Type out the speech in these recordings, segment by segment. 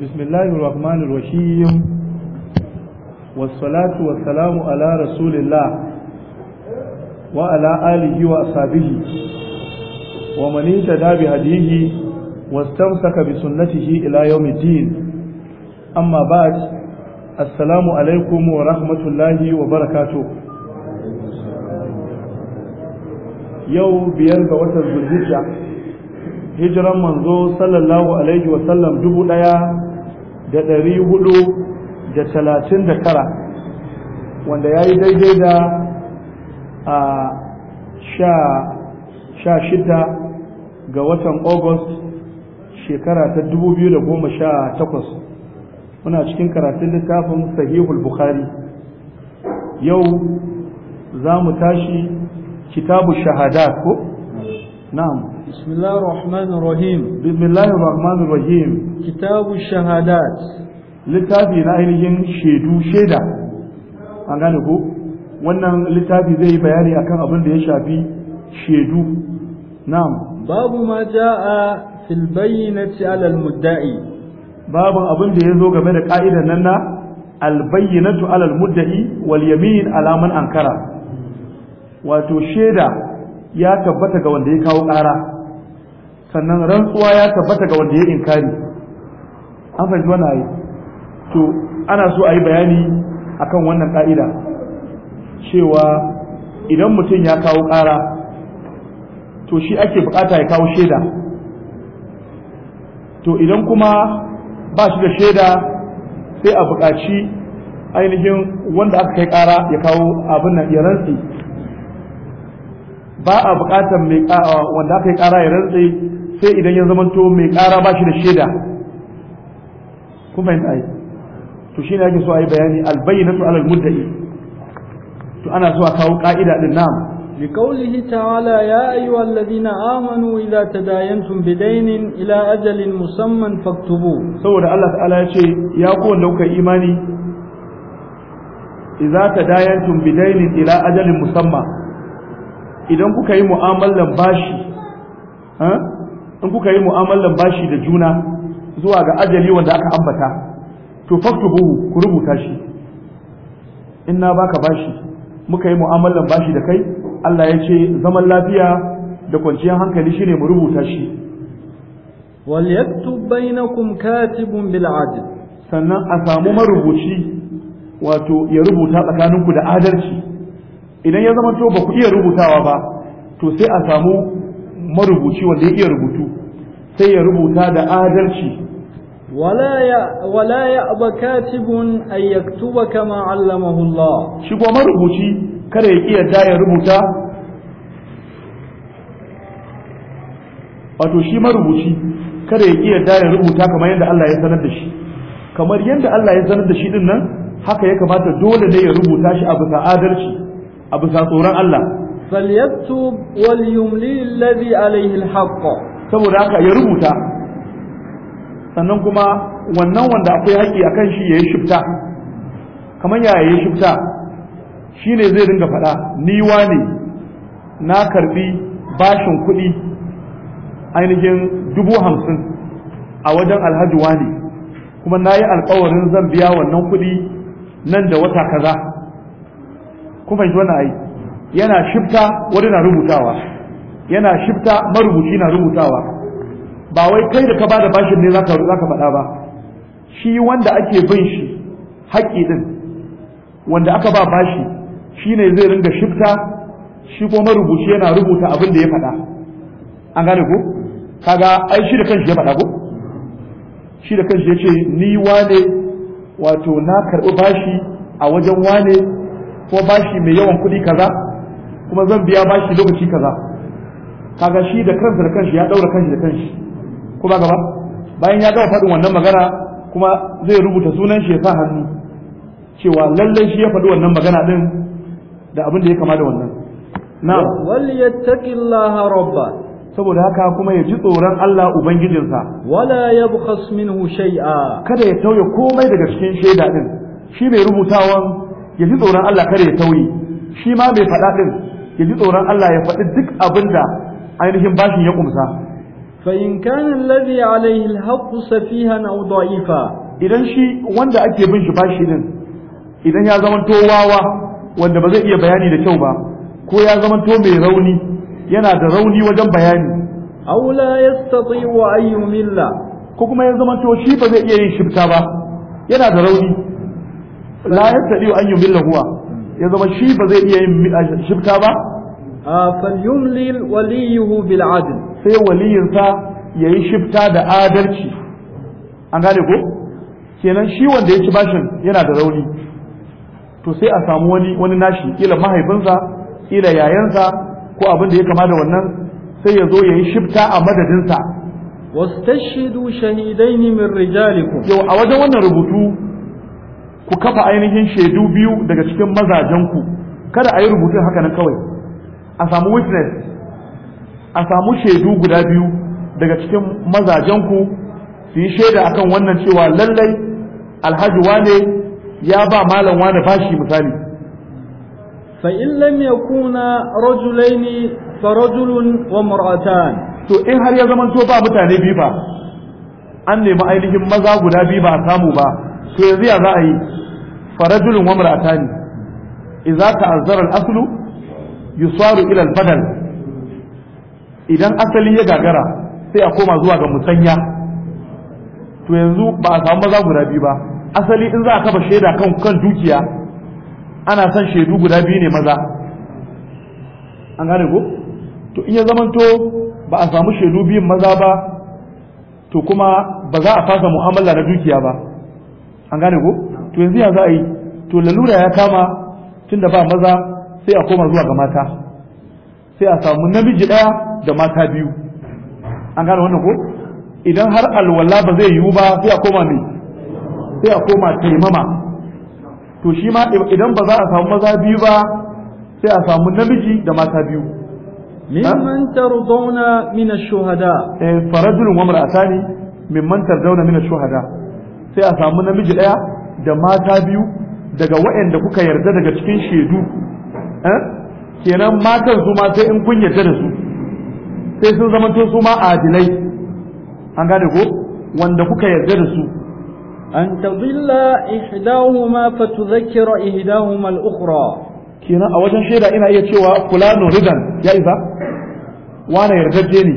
bismillahir rahmanir rahim wassalatu wassalamu ala rasulillah wa ala alihi wa ashabihi wa man ittaba bi hadihi wastamsaka bi sunnatihi ila yawmiddin amma ba'd assalamu alaikum wa rahmatullahi wa barakatuh yau biyar ga watan zulhijja hijran manzo sallallahu alaihi wa sallam dubu daya da ɗari hudu da talatin da tara wanda ya yi daidai da a sha shida ga watan august shekara ta dubu biyu da goma sha takwas muna cikin karatun littafin sahihul bukhari yau za mu tashi kitabu shahada ko na'am بسم الله الرحمن الرحيم بسم الله الرحمن الرحيم littafi na ainihin shaidu shaida wannan littafi zai yi bayani akan abin da ya shafi shaidu na'am babu ma jaa fil bayyinati ala al mudda'i babu abin da zo game da ka'idar nan na al bayyinatu ala al mudda'i wal yamin ankara wato shaida ya tabbata ga wanda ya kawo ƙara sannan rantsuwa ya tabbata ga wanda ya inkari an fahimci wannan ayi to ana so a yi bayani akan wannan ka'ida cewa idan mutum ya kawo ƙara to shi ake bukata ya kawo shaida to idan kuma ba shi da shaida sai a buƙaci ainihin wanda aka kai ƙara ya kawo abin nan ya rantsi ba a buƙatar mai wanda aka yi ƙara ya rantsi sai idan ya zamanto mai ƙara ba shi da shaida kun fahimta ai to shine ake so a yi bayani albayyinatu alal mudda'i to ana so a kawo ka'ida din na'am لقوله تعالى يا أيها الذين آمنوا إذا تداينتم بدين إلى أجل مسمى فاكتبوه سورة الله تعالى شيء يقول لو كإيماني إذا تداينتم بدين إلى أجل مسمى إذا كنت mu'amalan bashi in kuka yi mu'amalan bashi da juna zuwa ga ajali wanda aka ambata to faktubuhu ku rubuta shi in na baka bashi muka yi mu'amalan bashi da kai Allah ya ce zaman lafiya da kwanciyar hankali shine mu rubuta shi wal yaktub bainakum katibun bil adl sannan a samu marubuci wato ya rubuta tsakaninku da adalci idan ya zama to ba ku iya rubutawa ba to sai a samu marubuci wanda ya iya rubutu sai ya rubuta da adalci wala ya wala katibun an yaktuba kama allamahu Allah shi kuma marubuci kada ya iya ya rubuta wato shi marubuci kada ya iya ya rubuta kamar yadda Allah ya sanar da shi kamar yadda Allah ya sanar da shi din nan haka ya kamata dole ne ya rubuta shi a bisa adalci a bisa tsoron Allah فليكتب وليملي الذي عليه الحق saboda haka ya rubuta sannan kuma wannan wanda akwai haƙƙi akan shi yayi shifta kamar ya yayi shifta shine zai dinga faɗa ni wane na karbi bashin kuɗi ainihin dubu hamsin a wajen alhaji wane kuma na yi alkawarin zan biya wannan kuɗi nan da wata kaza kuma yi wani ayi yana shifta wani na rubutawa yana shifta marubuci na rubutawa ba wai kai da ka bada bashin ne za ka faɗa ba shi wanda ake bin shi haƙƙi din wanda aka ba bashi shine zai ringa shifta shi ko marubuci yana rubuta abin da ya faɗa an gane ko kaga ai shi da kanshi ya faɗa ko shi da kanshi ya ce ni wane wato na karɓi bashi a wajen wane ko bashi mai yawan kuɗi kaza kuma zan biya bashi lokaci kaza kaga shi da kansa da kanshi ya daura kanshi da kanshi kuma gaba bayan ya gama faɗin wannan magana kuma zai rubuta sunan shi ya sa hannu cewa lallai shi ya faɗi wannan magana din da abin da ya kama da wannan na'am wal yattaqillaha rabba saboda haka kuma ya ji tsoron Allah ubangijinsa wala ya yabkhas minhu a. kada ya tauye komai daga cikin shaida din shi mai rubutawan ya ji tsoron Allah kada ya tauye shi ma mai faɗa din ya ji tsoron Allah ya faɗi duk abin da ainihin bashin ya kumsa fa in kana alladhi alayhi alhaqqu safihan aw da'ifa idan shi wanda ake bin shi bashi din idan ya zama to wawa wanda ba zai iya bayani da kyau ba ko ya zama to mai rauni yana da rauni wajen bayani aw la yastati'u an yumilla ko kuma ya zama to shi ba zai iya yin shibta ba yana da rauni la yastati'u an yumilla huwa ya zama shi ba zai iya yin shifta ba falyumlil waliyuhu bil adl sai waliyinsa yayi shifta da adalci an gane ko kenan shi wanda ya ci bashin yana da rauni to sai a samu wani wani nashi kila mahaifinsa kila yayansa ko abin da ya kama da wannan sai ya zo yayi shifta a madadinsa wastashhidu shahidaini min rijalikum yau a wajen wannan rubutu ku kafa ainihin shaidu biyu daga cikin mazajenku kada a yi rubutun haka nan kawai a samu witness a samu shaidu guda biyu daga cikin mazajenku su yi shaida akan wannan cewa lallai alhaji wane ya ba malam wane bashi misali فإن rajulaini fa rajulun wa mar'atan to in har ya zaman to ba mutane biyu ba an nemi ainihin maza guda biyu ba samu ba to yanzu ya za a yi فرجل ومرأتان إذا تعذر الأصل يصار aslu yusaru إذا أصل idan asali ya gagara sai a koma zuwa ga musanya to yanzu ba a samu maza guda biyu ba asali in za a kafa shaida kan dukiya ana an gane ko to iya zamanto ba a samu shaidu biyun maza ba to kuma ba za a fasa mu'amala na dukiya ba an gane ko to yanzu ya za a yi to lalura ya kama tunda ba maza sai a koma zuwa ga mata sai a samu namiji ɗaya da mata biyu an gane wannan ko idan har alwala ba zai yiwu ba sai a koma ne sai a koma taimama to shi ma idan ba za a samu maza biyu ba sai a samu namiji da mata biyu mimman tarzauna min ash-shuhada eh farajulun wa mar'atani mimman tarzauna min ash-shuhada sai a samu namiji daya da mata biyu daga waɗanda kuka yarda daga cikin shaidu eh? kenan matan su ma sai in kun yarda da su sai sun to su ma adilai an gane ko wanda kuka yarda da su an tadilla ihdahuma tudhakkira ihdahuma al-ukhra kenan a wajen shaida ina iya cewa fulano ridan ya isa wane yarda ne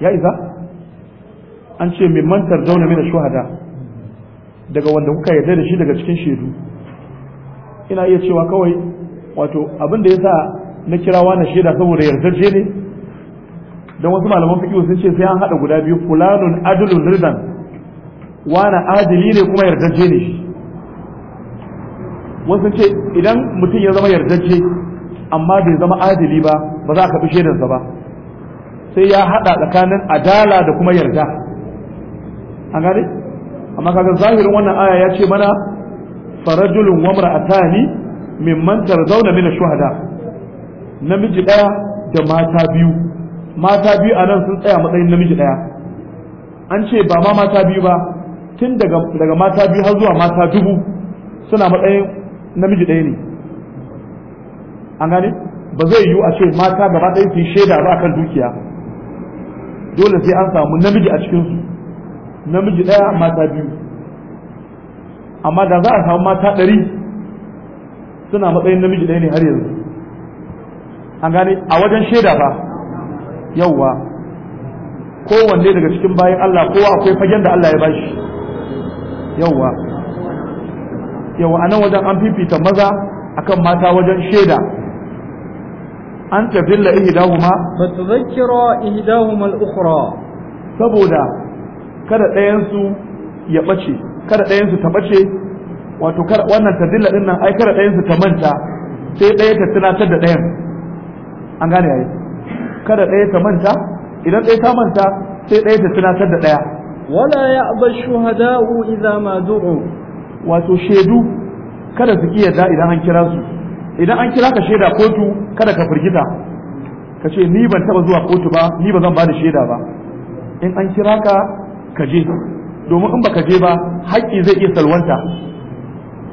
ya isa an ce min mantar zauna mina shuhada daga wanda kuka yarda da shi daga cikin shaidu ina iya cewa kawai wato abin da ya sa na kira wani shaida saboda yardaje ne don wasu malaman fiƙiwa sun ce sai an hada guda biyu fulanun adilun ridan wani adili ne kuma yardaje ne shi wasu ce idan mutum ya zama yardaje amma bai zama adili ba ba za ka bi shaidansa ba sai ya haɗa tsakanin adala da kuma yarda an gane amma kaga zahirin wannan aya ya ce mana farajulun wa mar'atani mimman tarzauna min shuhada namiji daya da mata biyu mata biyu a nan sun tsaya matsayin namiji daya an ce ba ma mata biyu ba tun daga mata biyu har zuwa mata dubu suna matsayin namiji ɗaya ne an gane ba zai yiwu a ce mata gaba ɗaya su yi shaida ba kan dukiya dole sai an samu namiji a cikinsu namiji ɗaya mata biyu amma da za a samu mata ɗari suna matsayin namiji ɗaya ne har yanzu an gane a wajen shaida ba yauwa kowanne daga cikin bayan Allah kowa akwai fagen da Allah ya bashi yauwa yauwa a nan wajen an fifita maza akan mata wajen shaida an tafilla ihdahuma fa tadhakkira ihdahuma al-ukhra saboda kada ɗayansu ya ɓace kada ɗayansu ta ɓace wato wannan tadilla ɗin nan ai kada ɗayansu ta manta sai ɗaya ta tunatar da ɗayan an gane yayi kada ɗaya ta manta idan ɗaya ta manta sai ɗaya ta tunatar da ɗaya wala ya'ba shuhada'u idza ma du'u wato shedu kada su kiyar da idan an kira su idan an kira ka shaida kotu kada ka firgita ka ce ni ban taba zuwa kotu ba ni ba zan ba da shaida ba in an kira ka ka je domin in baka je ba haƙƙi zai iya salwanta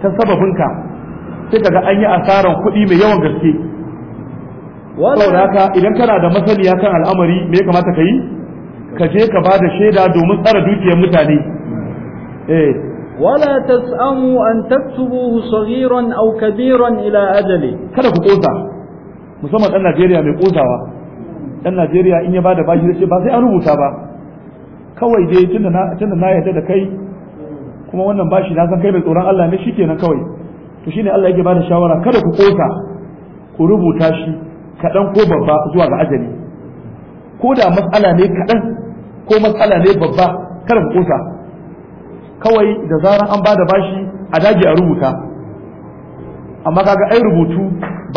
ta sababinka sai kaga an yi asarar kuɗi mai yawan gaske saboda haka idan kana da masaniya kan al'amari me ya kamata ka yi ka je ka ba da shaida domin tsara dukiyar mutane eh wala tas'amu an taktubuhu saghiran aw kabiran ila ajali kada ku kosa musamman dan Najeriya mai kosawa dan Najeriya in ya bada bashi sai ba sai an rubuta ba kawai dai tunda na yarda da kai kuma wannan bashi na san kai mai tsoron Allah ne shikenan kawai to shine Allah yake bada shawara kada ku kosa ku rubuta shi kaɗan ko babba zuwa ga ajali ko da matsala ne kaɗan ko matsala ne babba kada ku kosa kawai da zaran an bada bashi a dage a rubuta amma kaga ai rubutu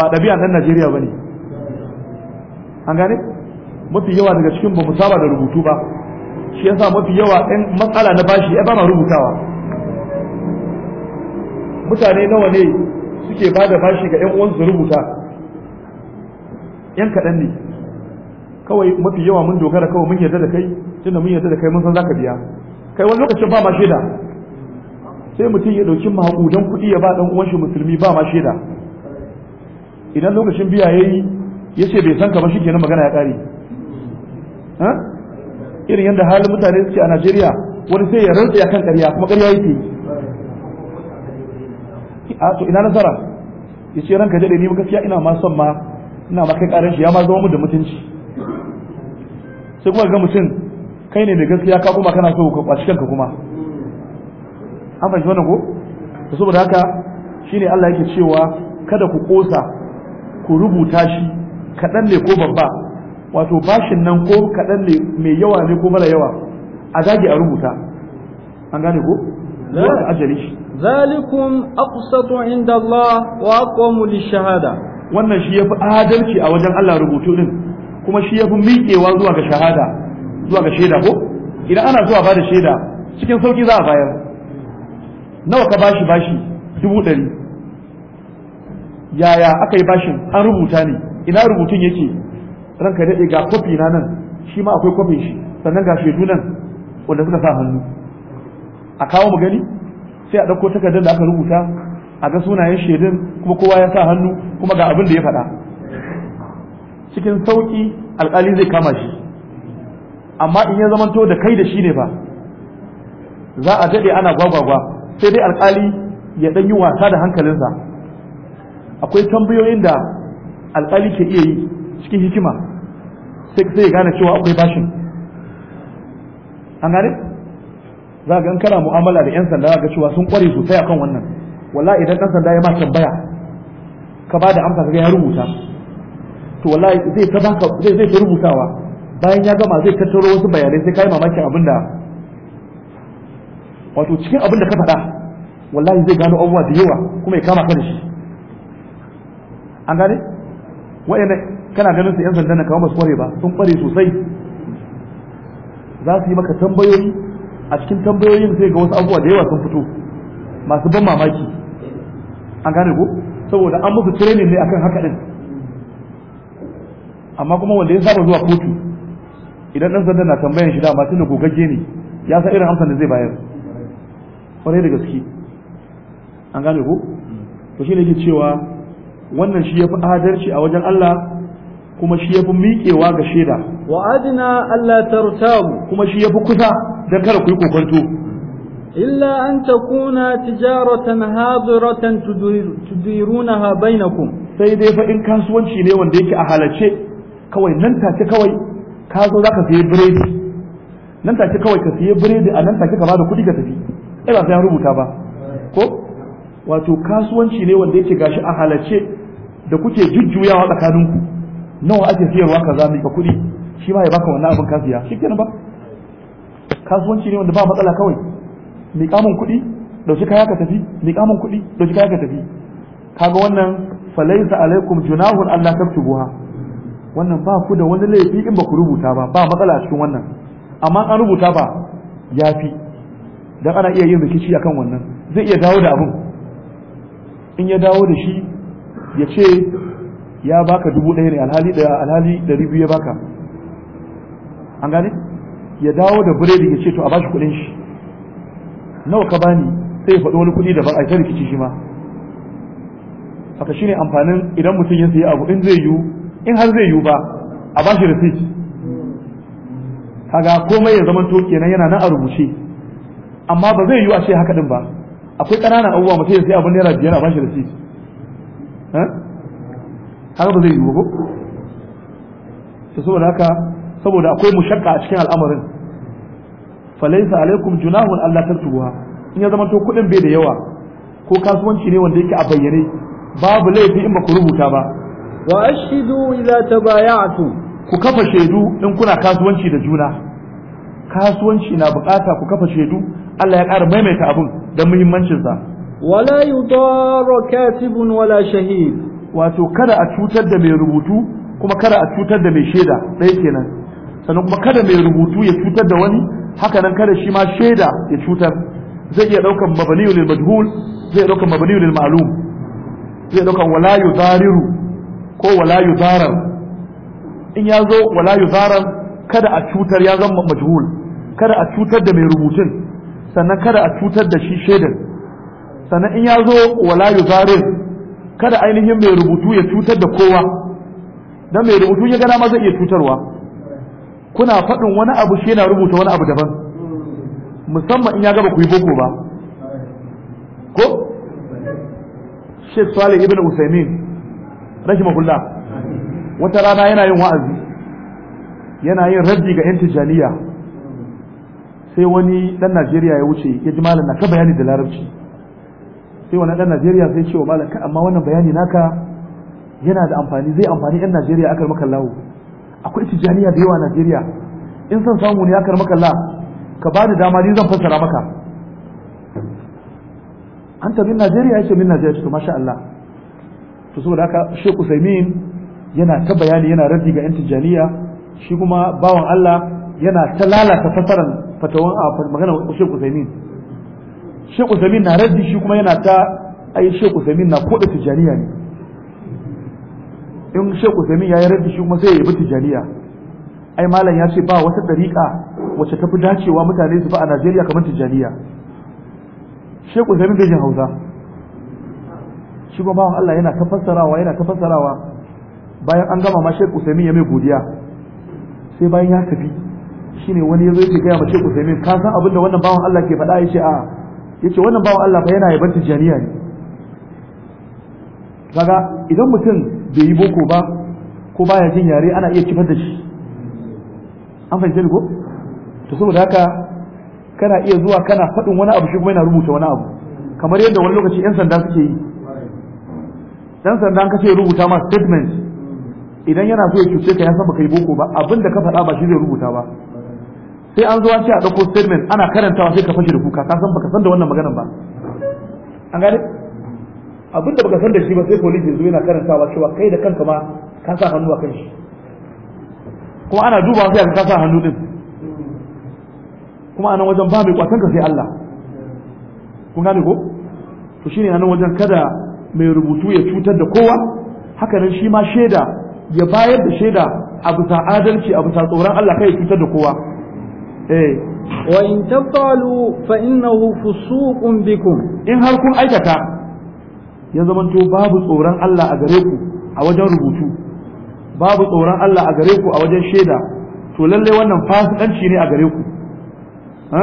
ba ɗabi'a nan Najeriya bane an gane mafi yawa daga cikin ba mu saba da rubutu ba shi yasa mafi yawa ɗan matsala na bashi ya ba ma rubutawa mutane nawa ne suke ba da bashi ga ƴan uwansu rubuta yan kaɗan ne kawai mafi yawa mun dogara kawai mun yarda da kai tunda mun yarda da kai mun san za ka biya kai wani lokacin ba ma shaida sai mutum ya ɗauki don kuɗi ya ba ɗan uwan shi musulmi ba ma shaida idan lokacin biya yi ya ce bai san ka ba shikenan magana ya ƙare irin yadda halin mutane suke a Najeriya wani sai ya rantsa kan ƙarya kuma ƙarya yake a to ina nasara ya ce ranka jade ni gaskiya ina ma son ma ina ma kai ƙarin shi ya ma zama mu da mutunci sai kuma ga mutum kai ne mai gaskiya ka kuma kana so ka kwaci kanka kuma an fahimci wannan ko to saboda haka shine Allah yake cewa kada ku kosa ku rubuta shi kaɗan ne ko babba wato bashin nan ko kaɗan ne mai yawa ne ko mara yawa a zage a rubuta an gane ko wanda ajali shi zalikum aqsatu inda Allah wa aqwamu lishahada wannan shi yafi adalci a wajen Allah rubutu din kuma shi yafi miƙewa zuwa ga shahada zuwa ga shaida ko idan ana zuwa bada shaida cikin sauki za a bayar nawa ka bashi bashi dubu ɗari yaya aka yi bashin an rubuta ne ina rubutun yake ranka daɗe ga kofi na nan shi ma akwai kofin shi sannan ga shaidu nan wanda suka sa hannu a kawo mu gani sai a ɗauko takardar da aka rubuta a ga sunayen shaidun kuma kowa ya sa hannu kuma ga abin da ya faɗa cikin sauƙi alƙali zai kama shi amma in ya zamanto da kai da shi ne ba za a daɗe ana gwagwagwa sai dai alƙali ya ɗan yi wasa da hankalinsa akwai tambayoyin da alƙali ke iya yi cikin hikima sai zai gane cewa akwai bashin an gane za ga in kana mu'amala da 'yan sanda za ga cewa sun kware sosai akan wannan wallahi idan ɗan sanda ya ma tambaya ka ba da amsa kaga ya rubuta to wallahi zai ta baka zai zai rubutawa bayan ya gama zai tattaro wasu bayanai sai kai mamakin abin da wato cikin abin da ka faɗa wallahi zai gano abubuwa da yawa kuma ya kama ka da shi an gane wa'annan kana ganin su yan sanda na kawo masu kware ba sun kware sosai za su yi maka tambayoyi a cikin tambayoyin sai ga wasu abubuwa da yawa sun fito masu ban mamaki an gane ko saboda an musu training ne akan haka din amma kuma wanda ya saba zuwa kotu idan dan sanda na tambayan shi dama tunda gogagge ne ya san irin amsar da zai bayar kwarai da gaske an gane ko to shi ne yake cewa wannan shi ya fi adalci a wajen Allah kuma shi yafi miƙewa ga shaida wa adna alla tartabu kuma shi yafi kusa da kada ku yi kokonto illa an takuna tijaratan hadiratan tudirunaha bainakum sai dai fa in kasuwanci ne wanda yake a halace kawai nan take kawai ka zo zaka sayi biredi nan take kawai ka sayi biredi a nan take ka bada kuɗi ka tafi ai ba sai an rubuta ba ko wato kasuwanci ne wanda yake gashi a halace da kuke jujjuyawa tsakaninku nawa ake siyarwa kaza mika kuɗi shi ma ya baka wannan abin kasiya shi kenan ba kasuwanci ne wanda ba matsala kawai miƙa min kuɗi shi kaya ka tafi miƙa min kuɗi shi kaya ka tafi kaga wannan falaisa alaikum junahun Allah taktubuha wannan ba ku da wani laifi in ba ku rubuta ba ba matsala a cikin wannan amma an rubuta ba yafi dan ana iya yin rikici akan wannan zai iya dawo da abin in ya dawo da shi ya ce ya baka dubu ɗaya ne alhali da alhali ɗari biyu ya baka an gane ya dawo da biredi ya ce to a bashi kuɗin shi nawa ka bani sai ya faɗi wani kuɗi daban a ta rikici shi ma haka shine amfanin idan mutum ya sayi abu in zai yiwu in har zai yiwu ba a bashi receipt kaga komai ya zama to kenan yana nan a rubuce amma ba zai yiwu a ce haka din ba akwai ƙananan abubuwa mutum ya sayi abu naira biyar a bashi receipt haka ba zai yiwu ko saboda haka saboda akwai mushakka a cikin al'amarin falaisa alaikum junahun Allah tartubuha in ya zama to kudin bai da yawa ko kasuwanci ne wanda yake a bayyane babu laifi in ba ku rubuta ba wa ashidu idza tabaya'tu ku kafa shaidu in kuna kasuwanci da juna kasuwanci na bukata ku kafa shaidu Allah ya ƙara maimaita abun don muhimmancinsa wala yudara katibun wala shahid wato kada a cutar da mai rubutu kuma kada a cutar da mai shaida ɗaya kenan sannan kuma kada mai rubutu ya cutar da wani haka nan kada shi ma shaida ya cutar zai iya ɗaukan mabaniyu lil majhul zai ɗaukan mabaniyu lil ma'lum zai ɗaukan wala yudariru ko wala yudaran in ya zo wala yudaran kada a cutar ya zama majhul kada a cutar da mai rubutun sannan kada a cutar da shi shaidan sannan in ya zo wala yudarin kada ainihin mai rubutu ya cutar da kowa dan mai rubutu ya gana ma zai iya cutarwa kuna faɗin wani abu shi yana rubuta wani abu daban musamman in ya gaba ku yi boko ba ko Sheikh Salih ibn Usaimin rahimahullah wata rana yana yin wa'azi yana yin raddi ga 'yan tijaniya sai wani dan Najeriya ya wuce ya ji malam na ka bayani da larabci sai wani ɗan Najeriya sai ce wa malaka amma wannan bayani naka yana da amfani zai amfani ɗan Najeriya akar makallahu akwai tijaniya da yawa a Najeriya in san samu ne akar maka ka ba da dama ni zan fassara maka an ta min Najeriya ce min Najeriya to masha Allah to saboda haka Sheikh Usaimin yana ta bayani yana raddi ga yan tijaniya shi kuma bawan Allah yana ta lalata fasaran fatawan a maganar Sheikh Usaimin Sheikh Uthamin na raddi shi kuma yana ta ai Sheikh Uthamin na koda tijaniya ne in Sheikh Uthamin ya yi raddi shi kuma sai ya bi tijaniya ai malam ya ce ba wata dariƙa wacce ta fi dacewa mutane su ba a Najeriya kamar tijaniya Sheikh Uthamin bai jin Hausa shi kuma bawan Allah yana tafassarawa, yana tafassarawa. bayan an gama ma Sheikh Uthamin ya mai godiya sai bayan ya tafi shine wani ya zo ya gaya ma Sheikh Uthamin ka san abin da wannan bawan Allah ke faɗa ya ce a'a yace wannan bawan Allah fa yana yaban tijaniya ne kaga idan mutum bai yi boko ba ko baya jin yare ana iya kifar da shi an fahimci ko to saboda haka kana iya zuwa kana faɗin wani abu shi kuma yana rubuta wani abu kamar yadda wani lokaci yan sanda suke yi dan sanda an kace rubuta ma statement idan yana so ya cuce ka ya san baka yi boko ba abinda ka faɗa ba shi zai rubuta ba sai an zo an ce a dauko statement ana karantawa sai ka fashe da kuka ka san baka san da wannan maganar ba an gane abin da baka san da shi ba sai police zo yana karantawa cewa kai da kanka ma ka sa hannu a kan shi kuma ana duba sai ka sa hannu din kuma anan wajen ba mai kwatanka sai Allah kun gane ko to shine anan wajen kada mai rubutu ya cutar da kowa haka nan shi ma shaida ya bayar da shaida a bisa adalci a bisa tsoron Allah kai ya cutar da kowa Eh. wa in taf'alu fa innahu fusuqun bikum in har kun aikata ya zamanto babu tsoron Allah a gare ku a wajen rubutu babu tsoron Allah a gare ku a wajen shaida to lalle wannan fasikanci ne a gare ku ha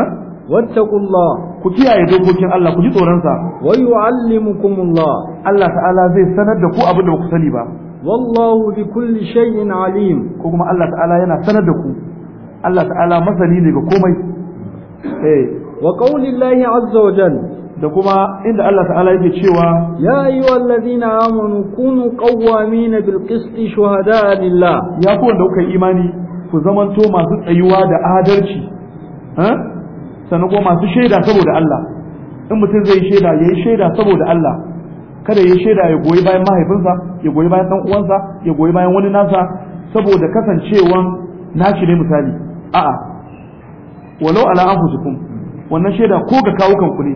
wattaqullah ku kiyaye dokokin Allah ku ji tsoron sa wa yu'allimukumullah Allah ta'ala zai sanar da ku abin da ba ku sani ba wallahu bi kulli shay'in alim ko kuma Allah ta'ala yana sanar da ku Allah ta'ala masani ne ga komai eh wa qaulillahi azza wa da kuma inda Allah ta'ala yake cewa ya ayyuhal ladina amanu kunu qawwamin bil qisti shuhada lillah ya ku wanda kuka imani ku zamanto masu tsayuwa da adalci eh? sannan kuma masu shaida saboda Allah in mutum zai shaida yayi shaida saboda Allah kada yayi shaida ya goyi bayan mahaifinsa ya goyi bayan dan uwansa ya goyi bayan wani nasa saboda kasancewan nashi ne misali a'a walau ala anfusikum wannan shaida ko ga kawukan ku ne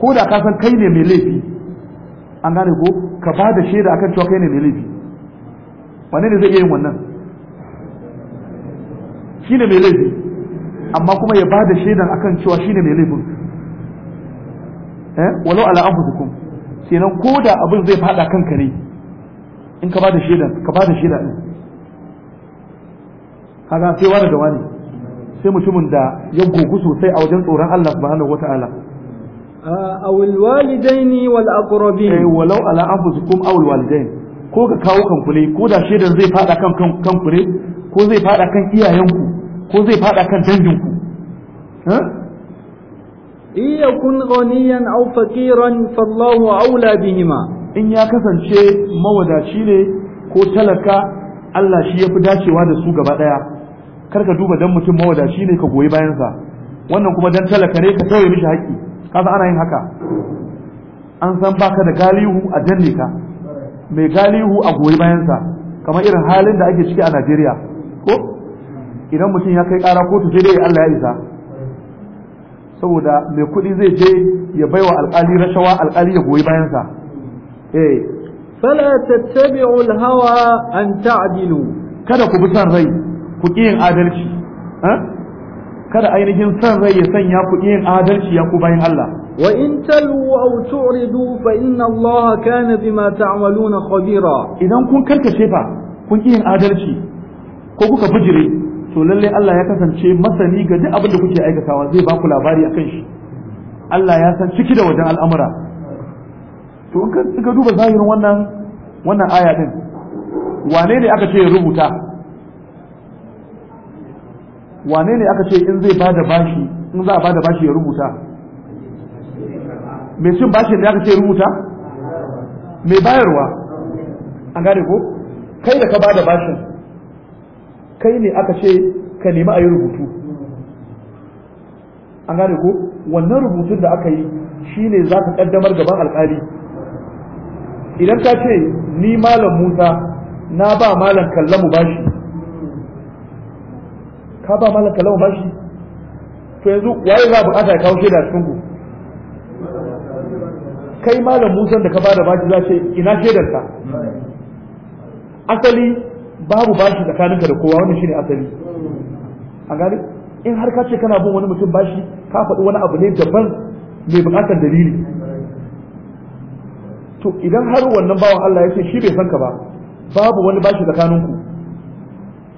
ko da ka san kai ne mai laifi an gane ko ka ba da shaida akan cewa kai ne mai laifi Wanne ne zai iya yin wannan shi ne mai laifi amma kuma ya ba da shaidan akan cewa shi ne mai laifin eh walau ala anfusikum kenan ko da abin zai fada kanka ne in ka ba da shaidan ka ba da shaida din kaga sai wani da wani sai mutumin da ya gogu sosai a wajen tsoron Allah subhanahu wataala aw alwalidaini wal aqrabin eh walau ala anfusikum aw walidain ko ka kawo kanku ne ko da shedan zai fada kan kanku ne ko zai fada kan iyayenku ko zai fada kan danginku ha in yakun ghaniyan aw faqiran fallahu aula bihima in ya kasance mawadaci ne ko talaka Allah shi yafi dacewa da su gaba daya kar ka duba dan mutum mawadaci ne ka goyi bayansa wannan kuma dan talaka ne ka tauye mishi haƙƙi kasa ana yin haka an san baka da galihu a danne ka mai galihu a goyi bayansa kamar irin halin da ake ciki a Najeriya ko idan mutum ya kai ƙara kotu sai dai Allah ya isa saboda mai kuɗi zai je ya baiwa alƙali rashawa alƙali ya goyi bayansa eh فلا تتبعوا الهوى أن تعدلوا kada ku bi son rai ku yin adalci eh? kada ainihin san rai ya sanya ku yin adalci ya ku bayan Allah wa in talu aw tu'ridu fa inna Allah kana bima ta'maluna khabira idan kun karkace fa kun yin adalci ko kuka bijire to lalle Allah ya kasance masani ga duk abin da kuke aikatawa zai ba ku labari akan shi Allah ya san ciki da wajen al'amura to in ka duba zahirin wannan wannan aya din wane ne aka ce rubuta wane ne aka ce in zai ba da bashi in za a ba da bashi ya rubuta mai cin bashi ne aka ce rubuta mai bayarwa an gane ko kai da ka ba da bashin kai ne aka ce ka nemi a yi rubutu an gane ko wannan rubutun da aka yi shi ne za ka kaddamar gaban alkali idan ka ce ni malam musa na ba malam kallamu bashi ka ba malam kalawa bashi to yanzu waye za bukata ya kawo shaida a cikin kai malam Musa da ka ba da bashi za ce ina shaidar ka asali babu bashi ka da kowa wannan shine asali a gani in har ka ce kana bin wani mutum bashi ka faɗi wani abu ne daban mai bukatar dalili to idan har wannan bawan Allah ya ce shi bai san ka ba babu wani bashi tsakaninku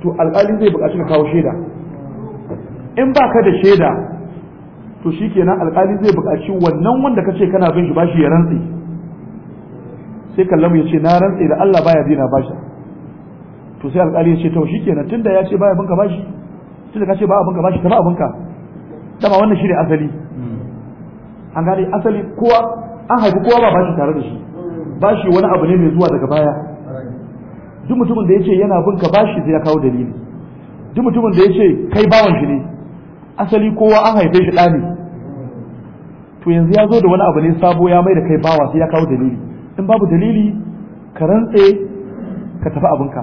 to alƙali zai buƙaci ka kawo shaida in ba ka da shaida to shi kenan alƙali zai buƙaci wannan wanda ka ce kana bin shi bashi ya rantse sai kallon ya ce na rantse da Allah baya bina bashi to sai alƙali ya ce to shi kenan tunda ya ce baya binka bashi tunda ka ce ba abinka bashi ba abinka dama wannan shi ne asali an gane asali kowa an haifi kowa ba bashi tare da shi bashi wani abu ne mai zuwa daga baya duk mutumin da ya ce yana bin ka bashi zai kawo dalili duk mutumin da ya ce kai bawan shi ne asali kowa an haife shi ɗa ne to yanzu ya zo da wani abu ne sabo ya mai da kai bawa sai ya kawo dalili in babu dalili ka rantse ka tafi abinka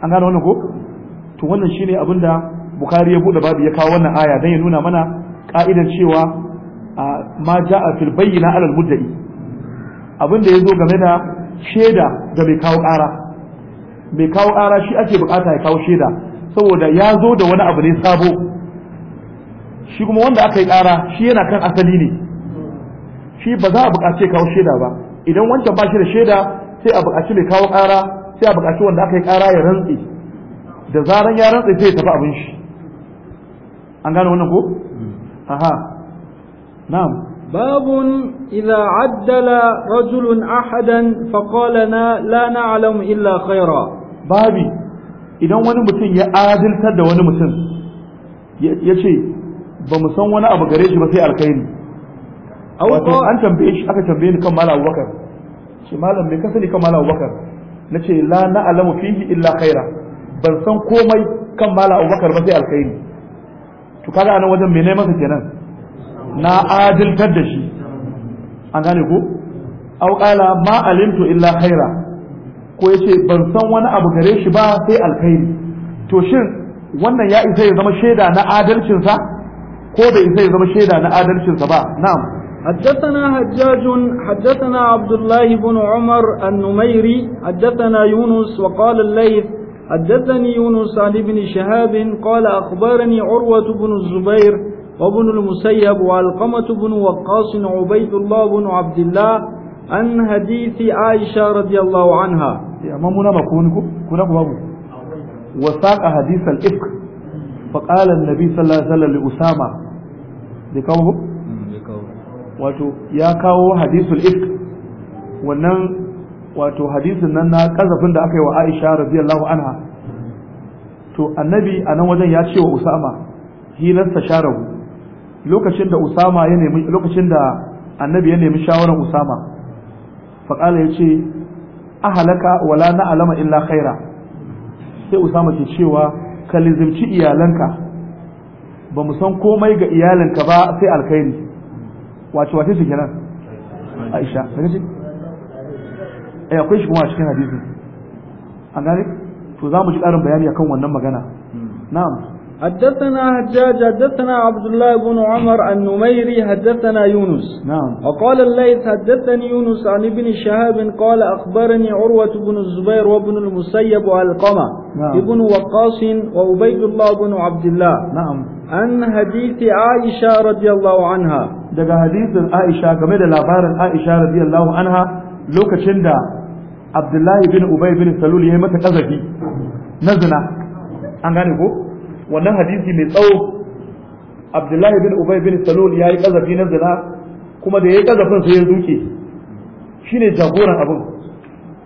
an gane wannan ko to wannan shine abin da bukari ya buɗe babu ya kawo wannan aya dan ya nuna mana ka'idar cewa ma ja'a fil bayyina alal muddai abin da zo game da sheda ga mai kawo ƙara mai kawo ƙara shi ake bukata ya kawo sheda saboda ya zo da wani abu ne sabo shi kuma wanda aka yi ƙara shi yana kan asali ne shi ba za a buƙaci kawo sheda ba idan wancan ba shi da sheda sai a buƙaci mai kawo ƙara sai a buƙaci wanda aka yi ƙara ya rantse da zaran ya rantse sai ya tafi abin shi an gane wannan ko hmm. aha na'am باب إذا عدل رجل أحدا فقال لا نعلم إلا خيرا بابي إذا wani mutum ya adaltar da wani mutum ya ce ba mu san wani abu gare shi ba sai alkhairi wato an tambaye shi aka tambaye ni kan malam abubakar shi malam me ka sani kan malam abubakar na ce la na alamu fihi illa khaira ban san komai kan malam abubakar ba sai to wajen me masa kenan na adiltar da shi an gane ko aw ma alimtu illa khaira ko yace ban san wani abu gare shi ba sai alkhairi to shin wannan ya isa ya zama shaida na adalcinsa? ko bai isa ya zama shaida na adalcin ba na'am حدثنا حجاج حدثنا عبد الله بن عمر النميري حدثنا يونس وقال الليث حدثني يونس عن ابن شهاب قال أخبرني عروة بن الزبير وابن المسيب والقمة بن وقاص عبيد الله بن عبد الله عن حديث عائشة رضي الله عنها أمامنا مكونكم كنا بابو وساق حديث الإفك فقال النبي صلى الله عليه وسلم لأسامة ذكره wato ya kawo hadisul ifk wannan wato hadisin nan na kazafin da aka yi wa Aisha radiyallahu anha to annabi a nan wajen ya ce wa Usama hilarsa sharahu lokacin da usama ya nemi lokacin da annabi ya nemi shawaran usama faƙala ya ce ahalaka wala na alama illa khaira sai usama ke cewa ka lizimci iyalanka ba mu san komai ga iyalanka ba sai alkhairi wace wace su kenan aisha daga ce eh akwai shi kuma a cikin hadisi an gane to za mu ji ƙarin bayani akan wannan magana hmm. na'am حدثنا حجاج حدثنا عبد الله بن عمر النميري حدثنا يونس نعم وقال الليث حدثني يونس عن ابن شهاب قال أخبرني عروة بن الزبير وابن المسيب والقمة نعم ابن وقاص وعبيد الله بن عبد الله نعم عن حديث عائشة رضي الله عنها دقا حديث عائشة قمد لابار عائشة رضي الله عنها لوكا شندا عبد الله بن أبي بن سلول يهمت قذفي نزنا أنغاني wannan hadisi mai tsawo abdullahi bin ubay bin salul ya yi kazafi na zina kuma da ya yi kazafin sai ya duke shine jagoran abin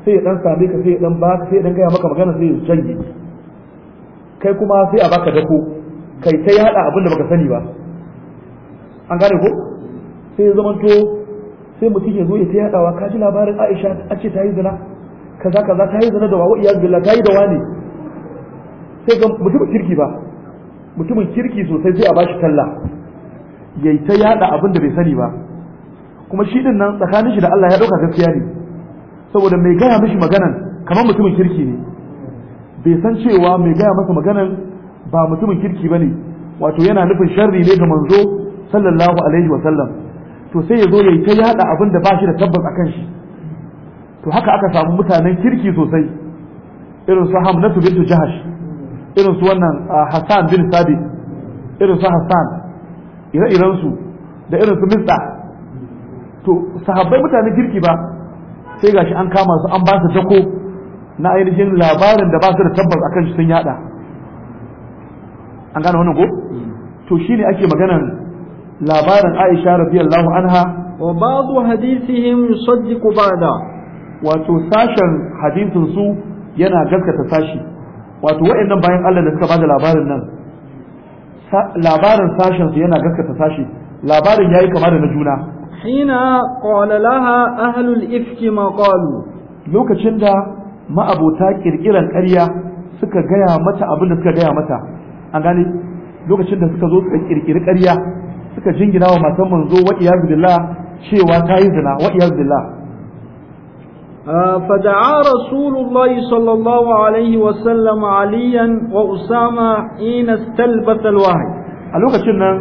sai ya dan same ka sai ya dan ba sai ya dan gaya maka magana sai ya canje kai kuma sai a baka dako kai ta yada abin da baka sani ba an gane ko sai ya zamanto sai mutum ya zo ya ta yadawa ka ji labarin Aisha a ce ta yi zina kaza kaza ta yi zina da wawa iyaz billah ta yi da wani sai ga mutum kirki ba mutumin kirki sosai zai a bashi talla ya yi ta yada abin da bai sani ba kuma shi din nan tsakanin shi da Allah ya dauka gaskiya ne saboda mai gaya mishi maganan kamar mutumin kirki ne bai san cewa mai gaya masa maganan ba mutumin kirki bane wato yana nufin sharri ne ga manzo sallallahu alaihi wa sallam to sai ya zo yi ta yada abin da bashi da tabbas akan shi to haka aka samu mutanen kirki sosai irin su Hamnatu bintu Jahash irin su wannan Hassan bin sabi irin su Hassan ire-iren su da irin su Mista to sahabbai mutane kirki ba sai ga shi an kama su an ba su dako na ainihin labarin da ba su da tabbas akan shi sun yada an gane wannan ko to shine ake maganar labarin Aisha radiyallahu anha wa ba'du hadithihim yusaddiqu ba'da wato sashen hadisin su yana gaskata sashi wato wa'annan bayan Allah da suka bada labarin nan labarin sashen su yana gaskata sashi labarin yayi kama da na juna hina qala laha ahlul ifki ma qalu lokacin da ma'abota kirkiran ƙarya suka gaya mata abin da suka gaya mata an gane lokacin da suka zo suka kirkiri ƙarya suka jingina wa matan manzo wa iyaz billah cewa ta yi zina wa iyaz billah فدعا رسول الله صلى الله عليه وسلم عليا وأسامة حين الوحي a lokacin nan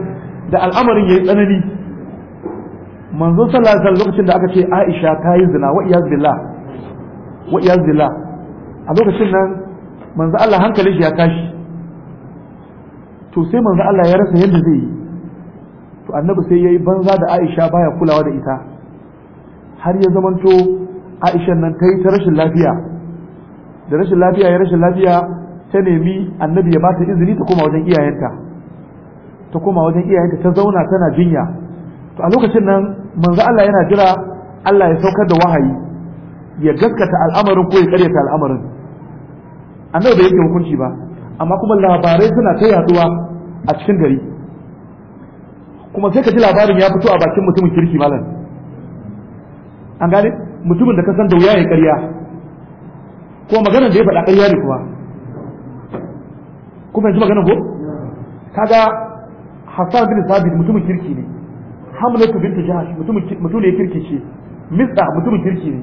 da al'amarin ya yi tsanani manzon sallallahu lokacin da aka ce Aisha ta yi zina wa iyaz billah wa a lokacin nan manzo Allah hankalin shi ya tashi to sai manzo Allah ya rasa yadda zai yi to annabi sai yayi banza da Aisha baya kulawa da ita har ya zamanto aisha nan ta yi ta rashin lafiya da rashin lafiya ya rashin lafiya ta nemi annabi ya ba ta izini ta koma wajen iyayenta ta koma wajen iyayenta ta zauna tana jinya to a lokacin nan manzo Allah yana jira Allah ya saukar da wahayi ya gaskata al'amarin ko ya karyata al'amarin annabi bai yake hukunci ba amma kuma labarai suna ta yaduwa a cikin gari kuma sai ka ji labarin ya fito a bakin mutumin kirki malam an gane mutumin da ka san da wuya ya karya ko maganar da ya faɗa karya ne kuma kuma yanzu maganar ko kaga hassan bin sabit mutumin kirki ne hamlatu bintu jahash mutumin kirki ce misda mutumin kirki ne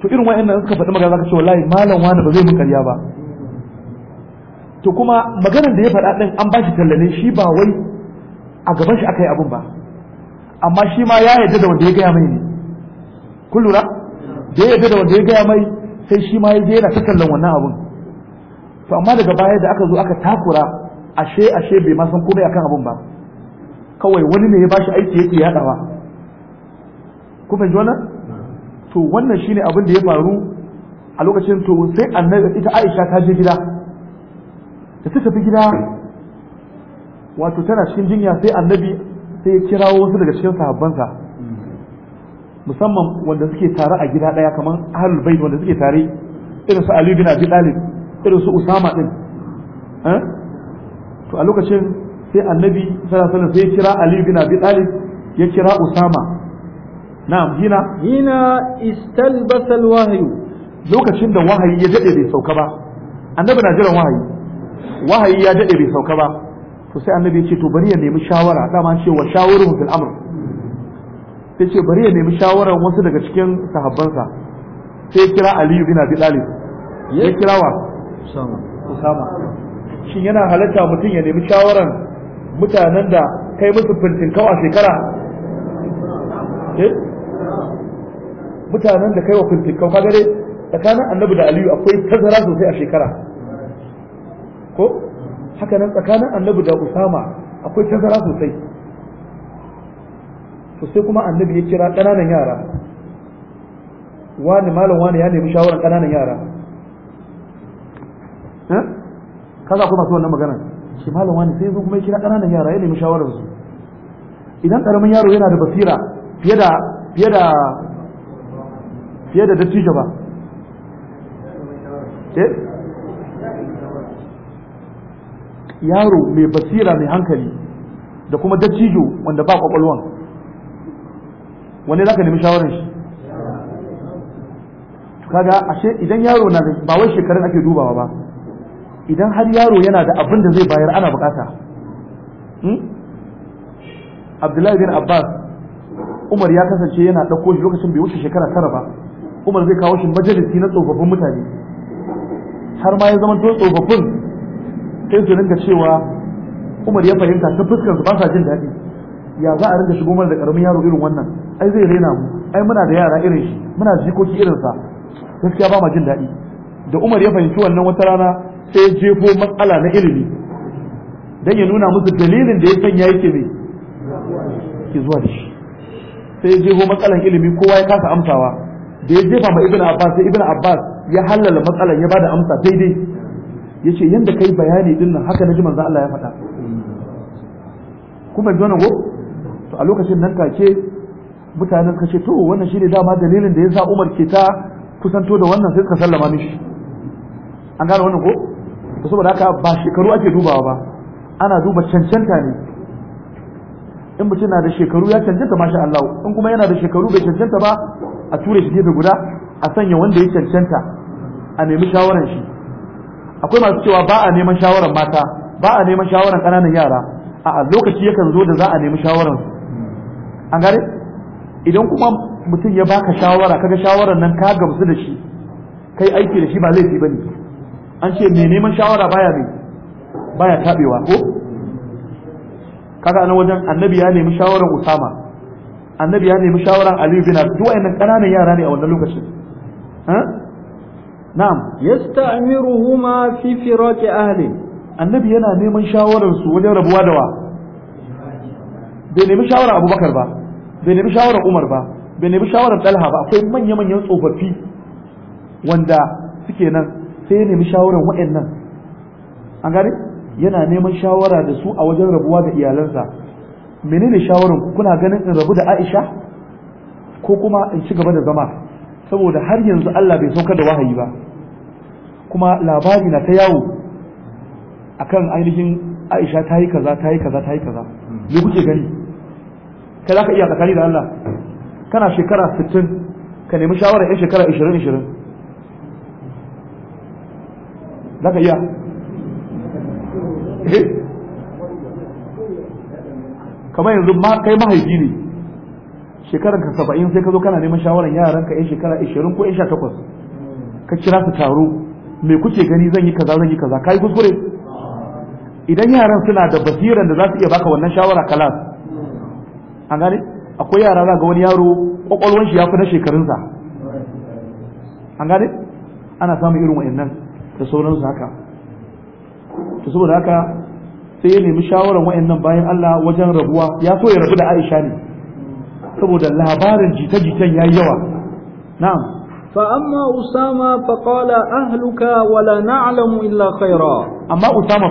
to irin wa'in nan suka faɗi magana zaka ce wallahi malam wani ba zai mun karya ba to kuma maganar da ya faɗa din an ba shi tallane shi ba wai a gaban shi aka yi abun ba amma shi ma ya yarda da wanda ya gaya mai ne kullura da ya da wanda ya gaya mai sai shi ma ya je yana ta kallon wannan abun to amma daga baya da aka zo aka takura ashe ashe bai ma san komai akan abun ba kawai wani ne ya bashi aiki yake yadawa ku fahimci wannan to wannan shine abin da ya faru a lokacin to sai annabi ita Aisha ta je gida da ta tafi gida wato tana cikin jinya sai annabi sai ya kirawo wasu daga cikin sahabbansa musamman wanda suke tare a gida daya kamar ahlul bait wanda suke tare irin su ali bin abi talib irin su usama din eh? to a lokacin sai annabi sallallahu alaihi wasallam sai kira ali bin abi talib ya kira usama na'am hina hina istalbasa alwahyu lokacin da wahayi ya dade bai sauka ba annabi na jiran wahayi wahayi ya dade bai sauka ba to sai annabi ya ce to bari ya nemi shawara dama ce wa shawaruhu fil amr sai ce bari ya nemi shawarar wasu daga cikin sahabbansa sai kira aliyu bin abi talib ya kira wa usama shin yana halatta mutum ya nemi shawarar mutanen da kai musu fintin kawa shekara eh? mutanen da kai wa fintin kawa gare dai tsakanin annabi da aliyu akwai tazara sosai a shekara ko haka nan tsakanin annabi da usama akwai tazara sosai to sai kuma annabi ya kira ƙananan yara wani malam wani ya nemi shawaran ƙananan yara eh? kaza kuma su wannan magana shi malam wani sai zo kuma ya kira ƙananan yara ya nemi shawaran su idan ƙaramin yaro yana da basira fiye da fiye da fiye da dattijo ba eh? yaro mai basira mai hankali da kuma dattijo wanda ba kwakwalwan wanne zaka nemi shawarar shi kaga ashe idan yaro na ba wai shekarun ake dubawa ba idan har yaro yana da abin da zai bayar ana bukata hmm? abdullahi bin abbas umar ya kasance yana ɗauko shi lokacin bai wuce shekara tara ba umar zai kawo shi majalisi na tsofaffin mutane har ma ya zama to tsofaffin sai su ringa cewa umar ya fahimta ta fuskar su ba sa jin daɗi ya za a ringa shigo mana da ƙaramin yaro irin wannan ai zai raina mu ai muna da yara irin shi muna jikoki irin sa gaskiya ba ma jin daɗi da Umar ya fahimci wannan wata rana sai ya jefo matsala na ilimi dan ya nuna musu dalilin da ya sanya yake ne Ki zuwa da shi sai ya jefo matsalan ilimi kowa ya kasa amsawa da ya jefa ma Ibn Abbas sai Ibn Abbas ya halala matsalan ya bada amsa daidai yace yanda kai bayani din nan haka naji manzo Allah ya faɗa kuma jona go? to a lokacin nan take mutane suka ce to wannan shine dama dalilin da yasa Umar ke ta kusanto da wannan sai suka sallama mishi an gane wannan ko saboda haka ba shekaru ake dubawa ba ana duba cancanta ne in mutum na da shekaru ya cancanta masha Allah in kuma yana da shekaru bai cancanta ba a ture shi gefe guda a sanya wanda ya cancanta a nemi shawaran shi akwai masu cewa ba a neman shawaran mata ba a neman shawaran ƙananan yara a lokaci yakan zo da za a nemi shawaran an gane idan kuma mutum ya baka shawara kaga shawarar nan ka gamsu da shi kai aiki da shi ba laifi bane an ce mai neman shawara baya mai baya tabewa ko kaga anan wajen annabi ya nemi shawaran usama annabi ya nemi shawaran aliyu bin abi duk wayannan ƙananan yara ne a wannan lokacin na'am yasta'miruhuma fi firaqi ahli annabi yana neman shawaran su wajen rabuwa da wa bai nemi shawara abubakar ba bai nemi shawarar Umar ba bai nemi shawarar Talha ba akwai manya manyan tsofaffi wanda suke nan sai ya nemi shawarar waɗannan an gane yana neman shawara da su a wajen rabuwa da iyalansa menene shawarar kuna ganin in rabu da Aisha ko kuma in ci gaba da zama saboda har yanzu Allah bai sauka da wahayi ba kuma labari na ta yawo akan ainihin Aisha ta yi kaza ta yi kaza ta yi kaza me kuke gani kai za ka iya tsakani da Allah kana shekara 60 ka nemi shawarar yan shekara 20-20 za ka iya eh? kamar yanzu kai mahaifi ne shekarar ka 70 sai ka zo kana neman shawarar yaran ka yan shekara 20 ko 18 ka kira su taro me kuke gani zan yi kaza zan yi kaza kai kuskure idan yaran suna da basiran da za su iya baka wannan shawara kalas an gane akwai yara za ga wani yaro kwakwalwan shi ya fi na shekarunsa an gane ana samun irin wa'annan da sauransu haka ta saboda haka sai ya nemi shawarar wa'annan bayan Allah wajen rabuwa ya so ya rabu da Aisha ne saboda labarin jita-jitan yayi yawa na'am amma فأما أسامة فقال أهلك illa نعلم Amma usama ba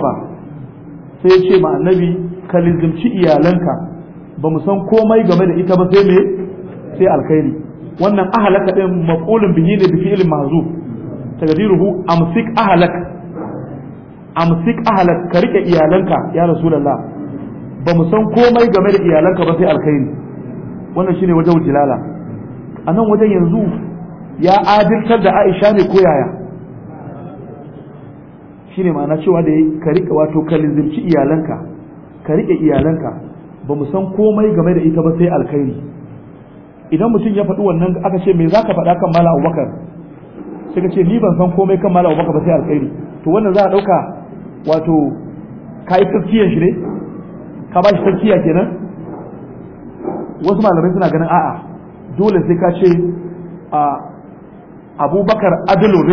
sai با سيشي annabi ka كالزمشي iyalanka. ba mu san komai game da ita ba sai me sai alkhairi wannan ahalaka din maqulun bihi ne bi fi'il mahzuf tagdiruhu amsik ahalak amsik ahalak ka rike iyalanka ya rasulullah ba mu san komai game da iyalanka ba sai alkhairi wannan shine wajen jilala a nan wajen yanzu ya adiltar da Aisha ne ko yaya shine ma'ana cewa da ka rike wato ka lizirci iyalanka ka rike iyalanka ba mu san komai game da ita ba sai alkhairi idan mutum ya faɗi wannan aka ce me ka faɗa kan mala abubakar sai ka ce ni ban san komai kan mala abubakar ba sai alkhairi to wannan za a ɗauka wato ka yi tafkiyar shi ne ka ba shi tafkiya kenan wasu malamai suna ganin a'a dole sai ka ce a abubakar adilu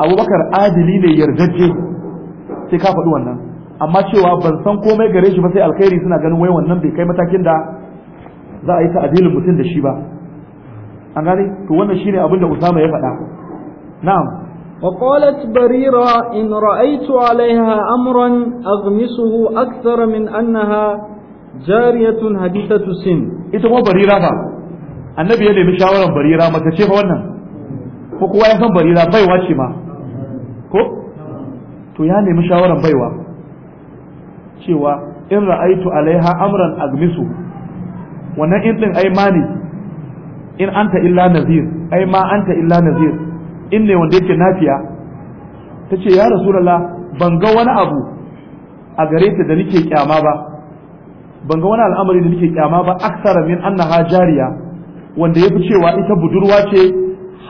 abubakar adili ne yardajje sai ka faɗi wannan amma cewa ban san komai gare shi ba sai alkhairi suna ganin wai wannan bai kai matakin da za a yi ta'adilin mutum da shi ba an gane to wannan shine abin da Usama ya faɗa na'am barira, وقالت بريرة إن رأيت عليها أمرا أغمسه annaha من أنها جارية حديثة السن إذا هو بريرة با النبي يلي مشاورا بريرة ما fa wannan, ko kowa ya san barira baiwa ce ma ko to ya nemi shawaran baiwa cewa in ra'aitu alaiha amran agmisu wannan in din ai mani ne in anta illa nazir ai ma anta illa nazir in ne wanda yake nafiya tace ya rasulullah ban ga wani abu a gare ta da nake kyama ba ban ga wani al'amari da nake kyama ba aksara min annaha jariya wanda yafi cewa ita budurwa ce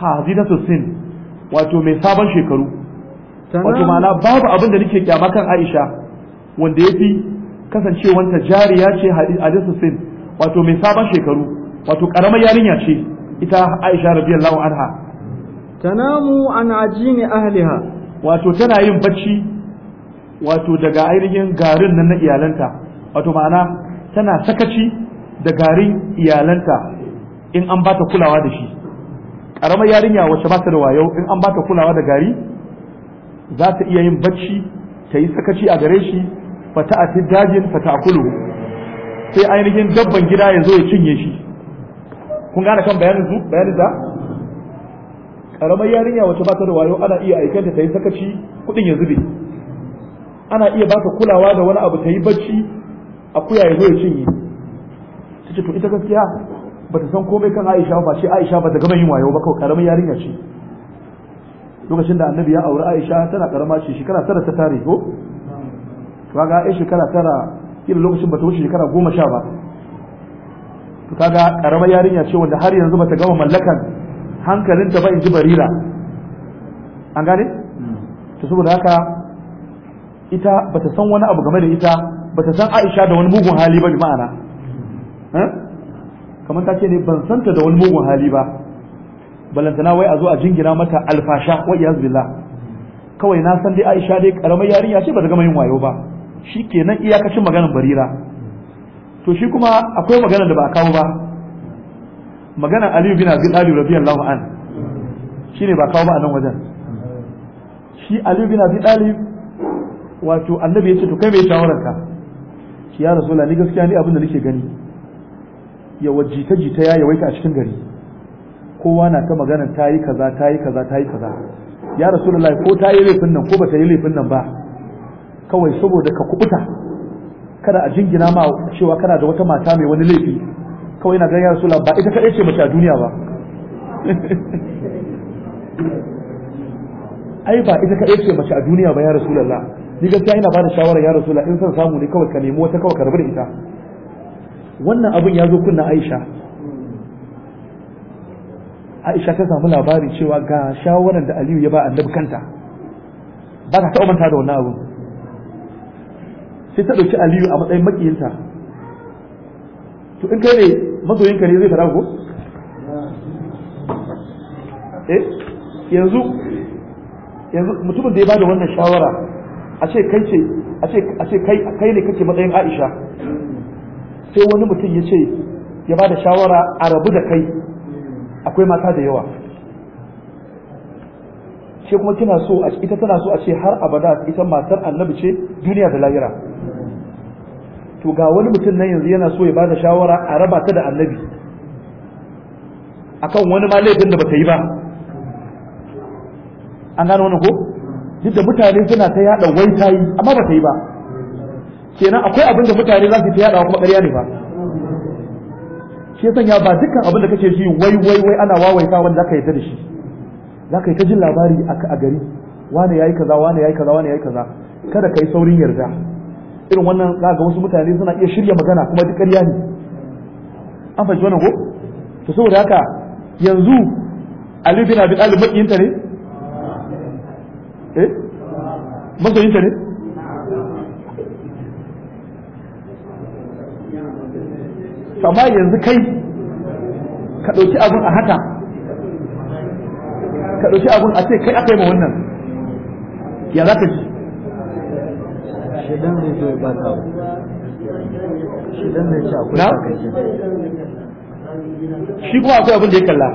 hazinatu sin wato mai sabon shekaru wato ma'ana babu abin da nake kyama kan Aisha wanda ya fi kasancewanta jariya ce hadisu sin wato mai sabon shekaru wato karamar yarinya ce ita aisha radiyallahu anha tanamu an ajini ahliha wato tana yin bacci wato daga ainihin garin nan na iyalanta wato ma'ana tana sakaci da garin iyalanta in an bata kulawa da shi karamar yarinya wacce ba ta da wayo in an bata kulawa da gari za ta iya yin bacci ta yi sakaci a gare shi fata a dajin fata a kulu sai ainihin dabban gida ya zo ya cinye shi kun gane kan bayanin zu bayanin da karamar yarinya wacce ba ta da wayo ana iya aikanta ta yi sakaci kudin ya zube ana iya ba ta kulawa da wani abu ta yi bacci akuya ya zo ya cinye ta to ita gaskiya ba ta san komai kan aisha ba shi aisha ba ta gama yin wayo ba kawai karamar yarinya ce lokacin da annabi ya auri aisha tana karama ce shekara tara ta tare ko kaga ai shekara tara kila lokacin bata wuce shekara goma sha ba to kaga karamar yarinya ce wanda har yanzu bata gama mallakan hankalinta ba in ji barira an gane to saboda haka ita bata san wani abu game da ita bata san Aisha da wani mugun hali ba ma'ana eh? kamar ta ce ne ban santa da wani mugun hali ba balantana wai a zo a jingina mata alfasha wa iyaz billah kawai na san dai Aisha dai karamar yarinya ce bata gama yin wayo ba shi kenan iyakacin maganar barira to shi kuma akwai maganar da ba a kawo ba maganar aliyu bin abi talib radiyallahu an ne ba kawo ba a nan wajen shi aliyu bin abin talib wato annabi ce to kai mai shawarar ka shi ya rasu ni gaskiya ni abin da nake gani ya wajita jita ya ka a cikin gari kowa na ta maganar yi kaza ta yi kaza ta yi kaza ya rasulullahi ko ta yi laifin nan ko ba ta yi laifin nan ba kawai saboda ka kubuta kada a jingina ma cewa kana da wata mata mai wani laifi kawai na ganin rasula ba ita kaɗai ce mace a duniya ba ai ba ita kaɗai ce mace a duniya ba ya lalla, ni gaskiya ina bada shawara ya rasula in son samu ne kawai ka nemi wata kawai ka rabu da ita wannan abin ya zo kunna aisha aisha ta samu labari cewa ga shawaran da aliyu ya ba annabi kanta ba ta taɓa manta da wannan abin sai ta ɗauki aliyu a matsayin makiyinta to in kai ne masoyinka ne zai fara ko eh yanzu yanzu mutumin da ya bada wannan shawara a ce kai ce a ce a ce kai kai ne kake matsayin Aisha sai wani mutum ya ce ya bada shawara a rabu da kai akwai mata da yawa ke kuma kina so ita tana so a ce har abada ita matar annabi ce duniya da lahira to ga wani mutum nan yanzu yana so ya bada shawara a raba ta da annabi akan wani ma laifin da bata yi ba an gano wani ko duk da mutane suna ta yada wai ta yi amma bata yi ba kenan akwai abin da mutane za su ta yada kuma ƙarya ne ba shi sanya ba dukkan abin da kake shi wai wai wai ana wawaita wanda zaka yarda da shi zaka yi ta jin labari a gari wane yayi kaza wane yayi kaza wane yayi kaza kada kai saurin yarda irin wannan za ga wasu mutane suna iya shirya magana kuma duk ƙarya ne an fahimci wannan ko to saboda haka yanzu Ali bin Abi Talib makiyinta ne eh masoyinta ne amma yanzu kai ka ɗauki abin a haka ka ɗauki abin a ce kai aka yi ma wannan ya za ka ji shedan zai zo ya bata wa shedan akwai shi kuma akwai abin da ya kalla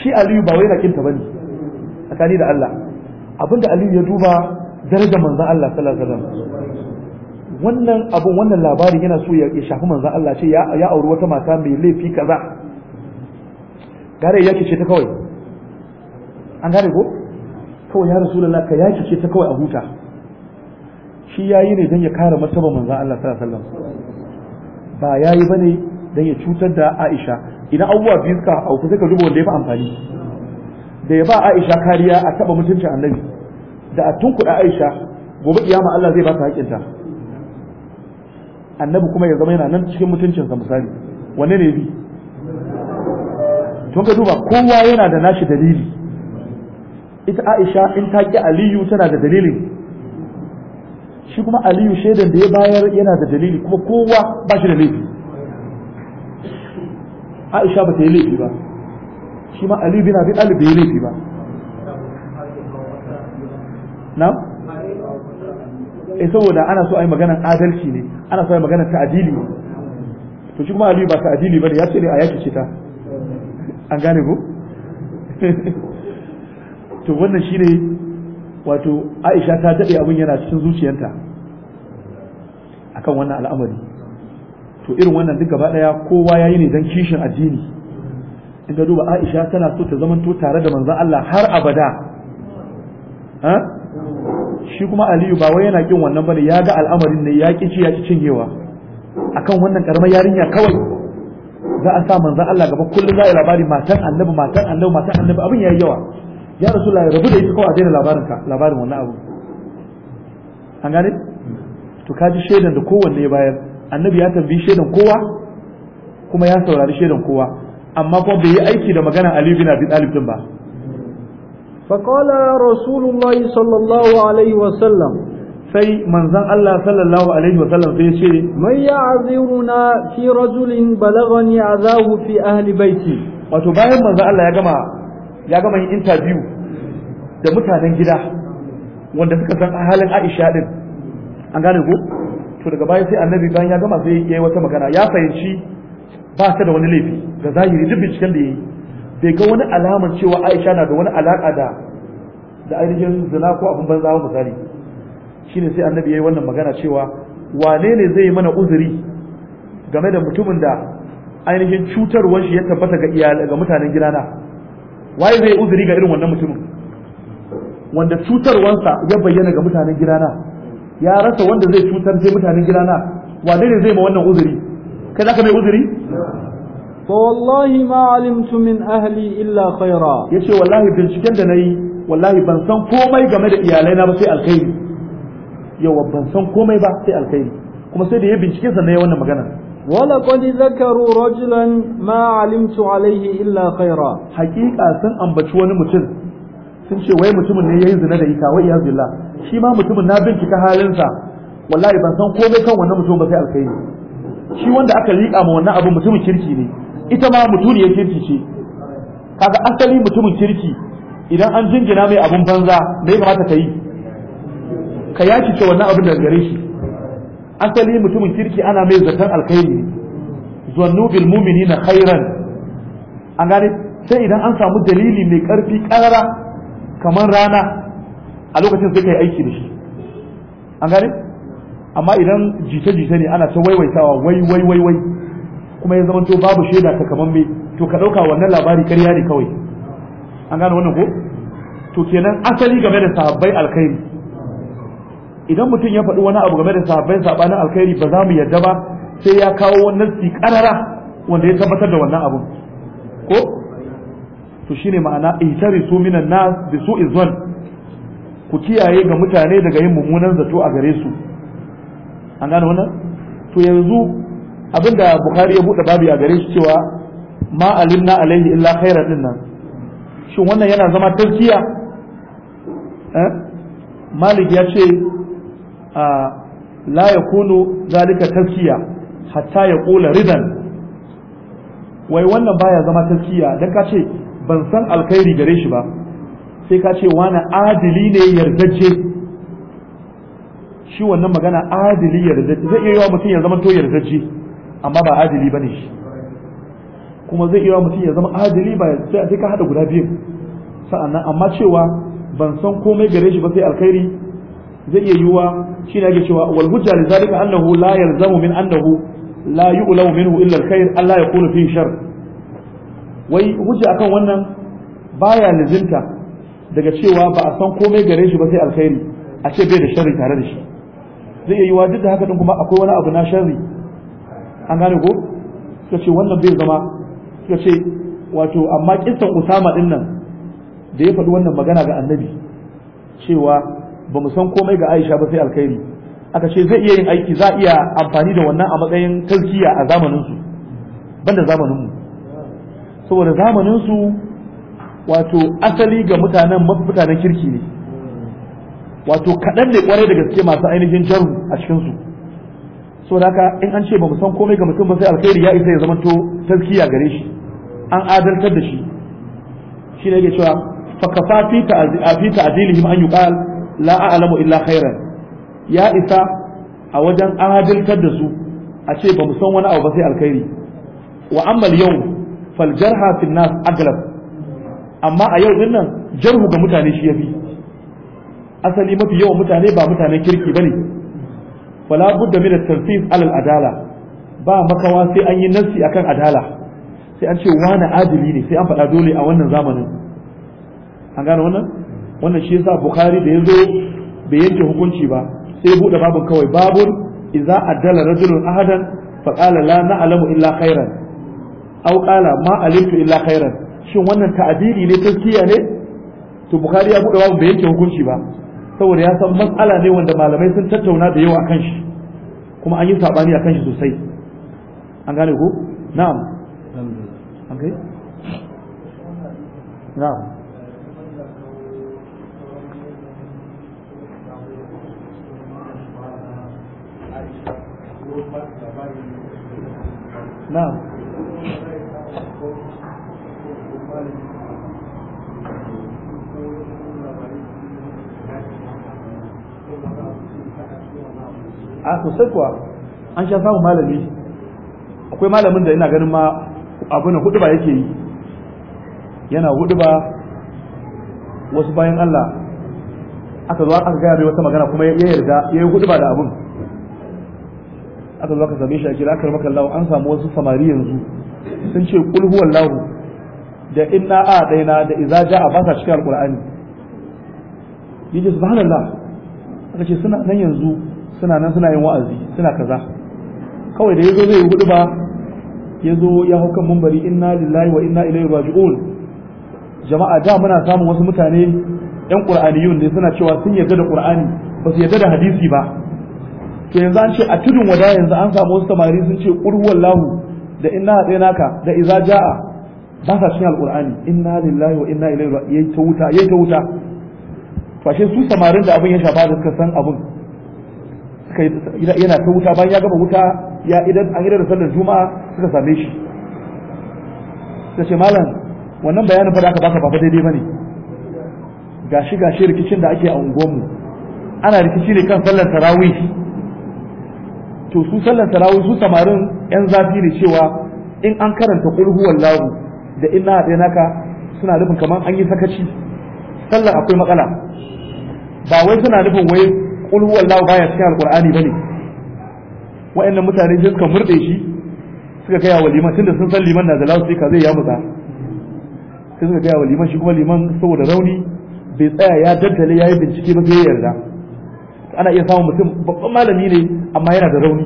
shi aliyu ba wai na kinta bane tsakani da Allah abinda aliyu ya duba daraja manzon Allah sallallahu alaihi wasallam wannan abun wannan labarin yana so ya shafi manzon Allah ce ya auri wata mata mai laifi kaza gare yake ce ta kawai an gane ko kawai ya rasulullah ka yaki ce ta kawai a huta shi ya yi ne don ya kare martaba manzan Allah sallallahu alaihi wasallam ba ne bane don ya cutar da Aisha idan abubuwa biyu suka auku sai ka duba wanda ya fi amfani da ya ba Aisha kariya a taba mutuncin Annabi da a tunkuɗa Aisha gobe kiyama Allah zai ba ta haƙinta Annabi kuma ya zama yana nan cikin mutuncinsa misali wanne ne bi tun ka duba kowa yana da nashi dalili ita Aisha in ta ƙi Aliyu tana da dalilin shi kuma aliyu shaidan da ya bayar yana da dalili kuma kowa ba shi da laifi aisha ba ta yi laifi ba shi ma aliyu bin abi talib yi laifi ba na eh saboda ana so a yi maganar adalci ne ana so a yi maganar ta'adili to shi kuma aliyu ba ta'adili ba ne ya ce ne a yaki ce ta an gane ko to wannan shine wato aisha ta daɗe abin yana cikin zuciyarta akan wannan al'amari to irin wannan duk gaba ɗaya kowa ya yi ne don kishin addini in ga duba aisha tana so ta zamanto tare da manzan Allah har abada shi kuma aliyu ba wai yana kin wannan bane ya ga al'amarin ne ya ki ci ya ci cinyewa akan wannan karamar yarinya kawai za a sa manzan Allah gaba kullum za a yi labari matan annabi matan annabi matan annabi abin yayi yawa ya rasulullah rabu da ita kawai a daina labarin ka labarin wannan abu an gane to ka ji shaidan da kowanne ya bayar annabi ya tambayi shaidan kowa kuma ya saurari shaidan kowa amma kuma bai yi aiki da magana Ali bin Abi Talib din ba فقال رسول الله صلى الله عليه وسلم sai manzan Allah sallallahu alaihi wa sallam sai ce man ya'ziruna fi rajulin balagani azahu fi ahli baiti wato bayan manzan Allah ya gama ya gama yin intabiyu da mutanen gida wanda suka san halin Aisha din an gane ku to daga baya sai annabi bayan ya gama sai yayi wata magana ya fahimci ba ta da wani laifi ga zahiri duk binciken da yayi bai ga wani alamar cewa Aisha na da wani alaka da da ainihin zina ko abin banza misali shine sai annabi yayi wannan magana cewa wane ne zai yi mana uzuri game da mutumin da ainihin cutarwar shi ya tabbata ga iyalai ga mutanen gidana waye zai uzuri ga irin wannan mutumin wanda cutarwansa ya bayyana ga mutanen gidana ya rasa wanda zai cutar sai mutanen gidana wane ne zai ma wannan uzuri kai zaka mai uzuri fa wallahi ma alimtu min ahli illa khaira yace wallahi binciken da nayi wallahi ban san komai game da iyalai na ba sai alkhairi yawa ban san komai ba sai alkhairi kuma sai da ya bincike sannan ya wannan magana Wala ولقد ذكروا رجلا ما علمت illa إلا خيرا حقيقة ambaci wani mutum, sun ce wai mutumin ne yayi zina da ita wai ya billah shi ma mutumin na bincika halinsa wallahi ban san komai kan wannan mutum ba sai alkhairi shi wanda aka liƙa ma wannan abu mutumin kirki ne ita ma mutum mutuniyar kirki ce kaga asali mutumin kirki idan an jingina mai abun banza me ya ta ka yi ka yaki ce wannan abin da gare shi asali mutumin kirki ana mai zaton alkhairi zannu bil na khairan an gane sai idan an samu dalili mai karfi karara kamar rana a lokacin sai kai aiki da shi an gane amma idan jita-jita ne ana ta waiwaitawa wai wai wai wai kuma ya zama to babu shaida ta kaman me to ka dauka wannan labari ƙarya ne kawai an gane wannan ko to kenan asali game da sahabbai alkhairi idan mutum ya faɗi wani abu game da sahabbai sabanin alkhairi ba za mu yarda ba sai ya kawo wannan si karara wanda ya tabbatar da wannan abun ko to shine ma'ana su minan nas bi su'i zan ku kiyaye ga mutane daga yin mummunan zato a gare su an gane wannan to yanzu abinda bukhari ya bude babu a gare shi cewa ma alimna alaihi illa khairan din nan shin wannan yana zama tarkiya eh malik ya ce la ya yakunu zalika tazkiya hatta ya qula ridan wai wannan baya zama tazkiya dan ka ce ban san alkhairi gare shi ba sai ka ce wani adili ne yardajje shi wannan magana adili yardajje zai iya yawa mutum ya zama to yardajje amma ba adili bane shi kuma zai iya mutum ya zama adili ba sai ka hada guda biyu sa'annan amma cewa ban san komai gare shi ba sai alkhairi zai iya yiwuwa shi ne ake cewa wal hujja li zalika annahu la yalzamu min annahu la yu'lamu minhu illa alkhair Allah ya kula fi shar wai hujja akan wannan baya lizinta daga cewa ba a san komai gare shi ba sai alkhairi a ce bai da sharri tare da shi zai iya yiwuwa duk da haka din kuma akwai wani abu na sharri an gane ko suka ce wannan bai zama suka ce wato amma kissan Usama din nan da ya faɗi wannan magana ga Annabi cewa ba mu san komai ga Aisha ba sai alkhairi aka ce zai iya yin aiki za iya amfani da wannan a matsayin tazkiya a zamanin su banda zamanin saboda zamanin wato asali ga mutanen mutanen kirki ne wato kaɗan ne kwarai da gaske masu ainihin jaru a cikin su saboda haka in an ce ba mu san komai ga mutum ba sai alkhairi ya isa ya zamanto tazkiya gare shi an adaltar da shi shi ne yake cewa fakafa fi ta'dilihim an yuqal la a'lamu illa khairan ya isa a wajen adalkar da su a ce ba mu san wani abu ba sai alkhairi wa yau fal jarha fil nas aglab amma a yau din nan jarhu ga mutane shi yafi asali mafi yawan mutane ba mutanen kirki bane fala budda min at-tanfis al-adala ba makawa sai an yi nassi akan adala sai an ce wani adili ne sai an faɗa dole a wannan zamanin an gane wannan wannan shi yasa bukhari da yazo bai yanke hukunci ba sai bude babun kawai babun idza adala rajulun ahadan fa qala la na'lamu illa khairan aw qala ma alimtu illa khairan shin wannan ta'dili ne tazkiya ne to bukhari ya bude babun bai yanke hukunci ba saboda ya san matsala ne wanda malamai sun tattauna da yawa akan shi kuma an yi sabani akan shi sosai an gane ko na'am an kai na'am na'am a sosai kuwa an sha samun malami akwai malamin da yana ganin ma abu na hudu ba yake yi yana hudu ba wasu bayan Allah aka zo aka gaya bai wata magana kuma ya yarda ya yi hudu ba da abun aka zo aka same shi a kira aka maka lawo an samu wasu samari yanzu sun ce kul huwallahu da inna a daina da idza jaa ba sa cikin alqur'ani yace subhanallah aka ce suna nan yanzu suna nan suna yin wa'azi suna kaza kawai da yazo zai hudu ba yazo ya hukan mumbari inna lillahi wa inna ilaihi raji'un jama'a da muna samun wasu mutane yan qur'aniyun ne suna cewa sun yarda da qur'ani ba su yarda da hadisi ba ke yanzu an ce a tudun wada yanzu an samu wasu samari sun ce qurwal lahu da inna naka da iza jaa ba sa cin Alƙur'ani. inna lillahi wa inna ilaihi yayi ta wuta yayi ta wuta fashe su samarin da abin ya shafa da suka san abin yana ta wuta bayan ya gama wuta ya idan an idan da sallar juma'a suka same shi ta ce malam wannan bayanin fa da aka baka ba daidai bane gashi gashi rikicin da ake a unguwanmu ana rikici ne kan sallar tarawih to su sallar tarawih su samarin yan zafi ne cewa in an karanta qul huwallahu da inna da naka suna nufin kaman an yi sakaci sallar akwai matsala ba wai suna nufin wai qul huwallahu baya cikin alqur'ani bane wa'annan mutane sun suka murde shi suka gaya wa liman tunda sun san liman na da ka zai ya muta sai suka gaya wa liman shi kuma liman saboda rauni bai tsaya ya daddale ya yi bincike ba sai ya yarda ana iya samun mutum babban malami ne amma yana da rauni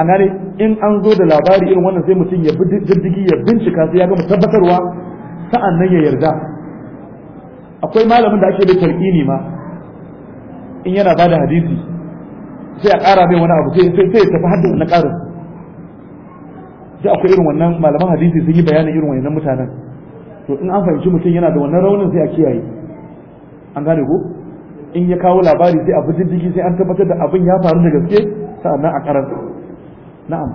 an gane in an zo da labari irin wannan sai mutum ya bi ya bincika sai ya gama tabbatarwa sa'an nan ya yarda akwai malamin da ake da tarkini ma in yana ba da hadisi sai a ƙara mai wani abu sai sai tafi hadda na ƙarin sai akwai irin wannan malaman hadisi sun yi bayanin irin wannan mutanen to in an fahimci mutum yana da wannan raunin sai a kiyaye an gane ko in ya kawo labari sai a bi jiki sai an tabbatar da abin ya faru da gaske sa'annan a karanta na'am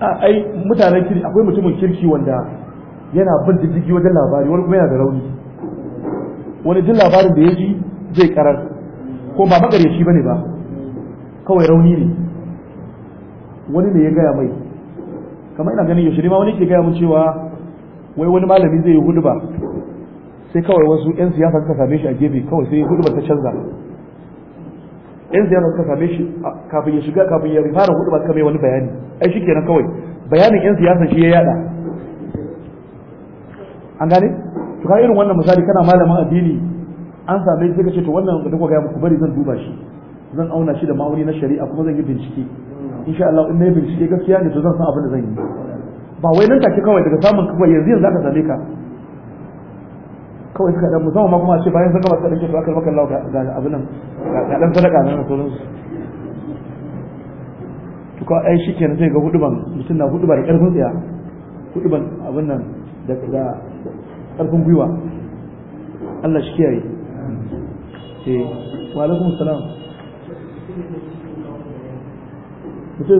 a ai mutanen kiri akwai mutumin kirki wanda yana bin diddigi wajen labari wani kuma yana da rauni wani jin labarin da ya ji zai karar ko ba magaryaci bane ba kawai rauni ne wani ne ya gaya mai kamar ina ganin yaushe ne ma wani ke gaya mun cewa wai wani malami zai yi huduba sai kawai wasu yan siyasa suka same shi a gefe kawai sai ba ta canza yan siyasa suka same shi kafin ya shiga kafin ya fara hudubar kamar wani bayani ai shi kenan kawai bayanin yan siyasa shi ya yada an gane to ka irin wannan misali kana malamin addini an same shi ka ce to wannan da kuka ga muku bari zan duba shi zan auna shi da ma'auni na shari'a kuma zan yi bincike insha Allah in mai bincike gaskiya ne to zan san abin da zan yi ba wai nan take kawai daga samun kuma yanzu yanzu aka same ka kawai suka dan musamman ma kuma ce bayan sun gaba sadaka to aka maka Allah ga abin nan ga dan sadaka nan to su to ka ai kenan sai ga huduban mutum na huduba da karfin tsaya huduban abin nan da da karfin gwiwa Allah shi kiyaye eh wa alaikum salam ai eh,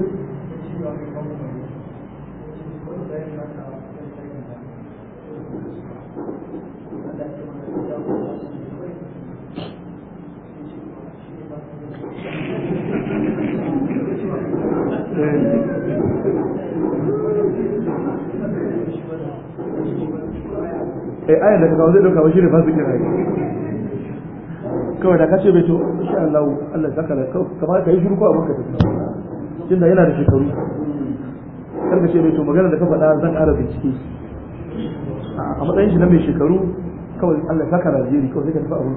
eh, ayyana da kawai zai dauka ba shi ne fasikin ayi kawai da ka ce bai to insha Allah Allah saka da kamar ka yi shirku ko abin ka tafi tunda yana da shekaru kar ka ce bai to magana da ka faɗa zan ƙara bincike a matsayin shi na mai shekaru kawai Allah saka da jiri kawai sai ka tafi a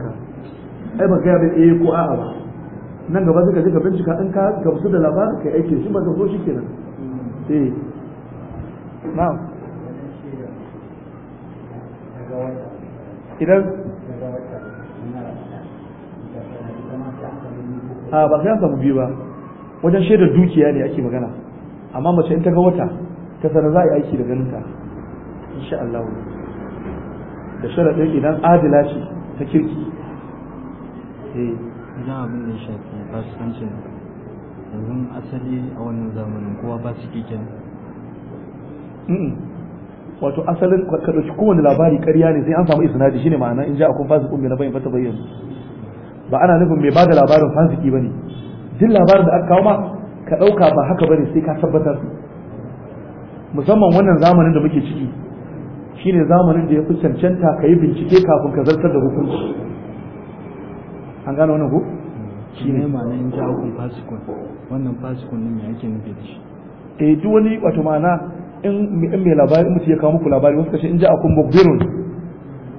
ka ai ba gaya bai eh ko a'a ba nan gaba zai je ka bincika in ka gamsu da labarin kai aiki. shi ba ka so shi kenan eh na'am idan a ba sai an samu biyu ba wajen shaidar dukiya ne ake magana amma mace in ta ga wata ta sana za a yi aiki da ganinta in insha Allah da sharaɗin idan adila ce ta kirki eh idan abin da shafi basukancin yanzu asali a wannan zamanin kowa ba su kikin wato asalin ka ɗauki kowane labari ƙarya ne sai an samu isnadi shine ma'ana in ja akun fasu kun na bayin fata bayyana ba ana nufin mai bada labarin fasiki bane duk labarin da aka kawo ma ka dauka ba haka bane sai ka tabbatar musamman wannan zamanin da muke ciki shine zamanin da ya fi cancanta ka yi bincike kafin ka zartar da hukunci an gano wannan ko shi ne ma'ana in hukun fasikun wannan fasikun ne me yake nufi da shi eh duk wani wato ma'ana in in mai labari mutu ya kawo muku labari wasu kashe in ja akun mukbirun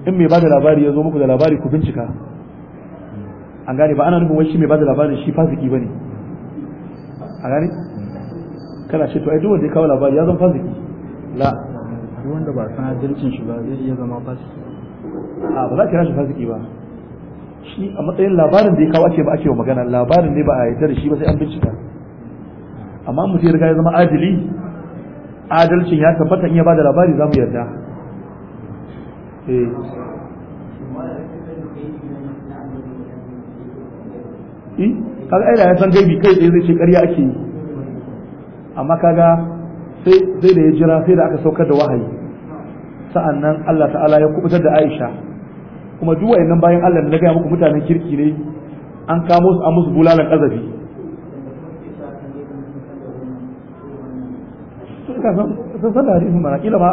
in mai bada labari ya zo muku da labari ku bincika an gane ba ana nufin wai shi mai bada labarin shi fasiki bane a gane kana ce to ai duk wanda ya kawo labari ya zama fasiki la duk wanda ba san adalcin shi ba zai iya zama fasiki a ba za ka kira shi fasiki ba shi a matsayin labarin da ya kawo ake ba ake wa magana labarin ne ba a yarda da shi ba sai an bincika amma mutum ya riga ya zama adili adalcin ya tabbata in ya bada labari za mu yarda eh eh kaga ai da ya san gaibi kai tsaye zai ce ƙarya ake yi amma kaga sai sai da ya jira sai da aka saukar da wahayi sa'an nan Allah ta'ala ya kubutar da Aisha kuma duk wayannan bayan Allah da gaya muku mutanen kirki ne an kamo su an musu bulalan kazafi sun san da hadisin mana kila ma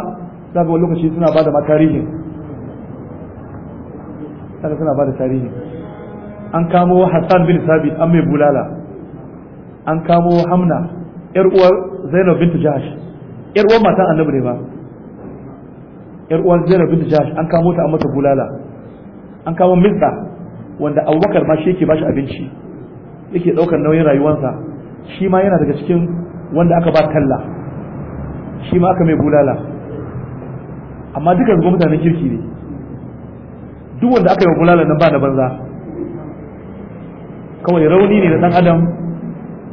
za ga wani lokaci suna ba da ma tarihin suna ba da tarihin an kamo Hassan bin Sabit an mai bulala an kamo Hamna yar uwar Zainab bint Jahsh yar uwar matan Annabi ne ba yar uwar Zainab bint Jahsh an kamo ta an mata bulala an kamo Mizza wanda Abubakar ma shi yake bashi abinci yake daukar nauyin rayuwarsa shi ma yana daga cikin wanda aka ba talla shi ma aka mai bulala amma dukkan su mutanen kirki ne duk wanda aka yi bulala nan ba na banza kawai rauni ne na dan adam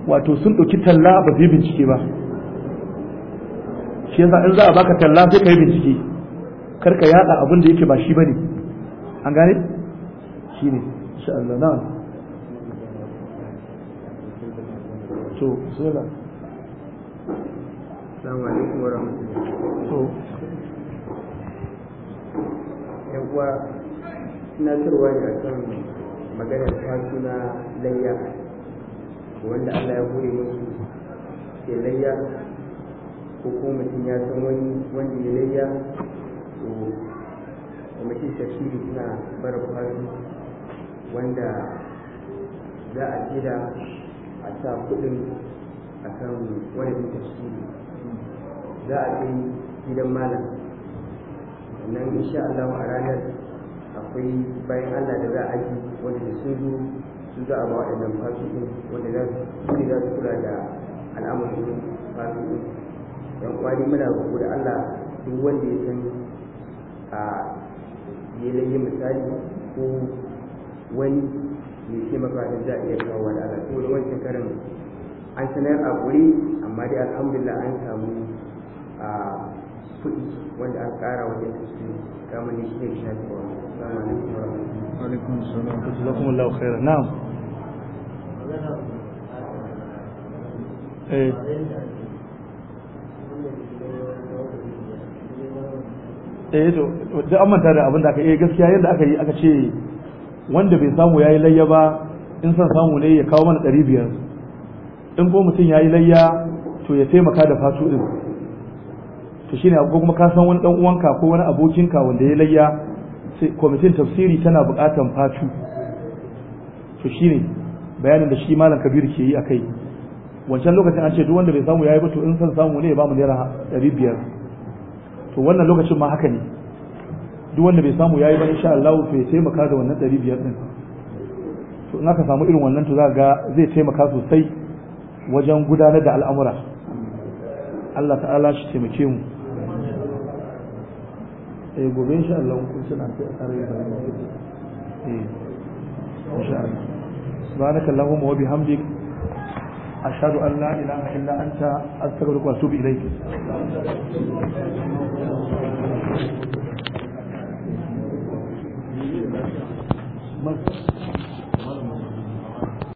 wato sun ɗauki talla ba su yi bincike ba shi yasa in za a baka talla sai ka yi bincike kar ka yada abin da yake ba shi bane an gane shi ne insha Allah na to sai da alaikum wa rahmatullahi to yawa na turwa ga kan maganar fasuna layya wanda Allah ya hore musu ke layya ko kuma mutum ya san wani wanda ya layya to kuma shi tafsiri suna bara kwari wanda za a gida a sa kudin a kan wani tafsiri za a kai gidan malam nan insha Allah a ranar akwai bayan Allah da za a yi wanda sun zo su za a ba waɗannan fasikin wanda za su ne za su kula da al'amarin fasikin yan kwani muna roƙo da Allah duk wanda ya san a yanayin misali ko wani mai ce maka da za a iya kawo da ko saboda wancan karin an sanar a guri amma dai alhamdulillah an samu a kuɗi wanda an ƙara wajen kasu kamar ne shi ne shafi wa. Assalamu alaikum warahmatullahi wabarakatuh. alaikum salam. Jazakumullahu eh, eh to duk an manta da abin da aka yi eh, gaskiya yadda aka yi aka ce wanda bai samu yayi layya ba in san samu ne ya kawo mana ɗari biyar in ko mutum yayi layya to ya taimaka da fatu din to shine ko kuma ka san wani dan uwanka ko wani abokinka wanda ya layya sai kwamitin tafsiri tana buƙatan fatu to shine bayanin da shi malam kabir ke yi akai wancan lokacin an ce duk wanda bai samu yayi ba to in san samu ne ya bamu naira ɗari biyar to wannan lokacin ma haka ne duk wanda bai samu yayi ba insha Allah to ya taimaka da wannan ɗari biyar ɗin to in aka samu irin wannan to za ga zai taimaka sosai wajen gudanar da al'amura Allah ta'ala shi taimake mu eh gobe insha Allah kun suna sai a tsare da eh insha Allah subhanakallahumma wa bihamdika أشهد أن لا إله إلا أنت أستغفرك وأتوب إليك Thank you.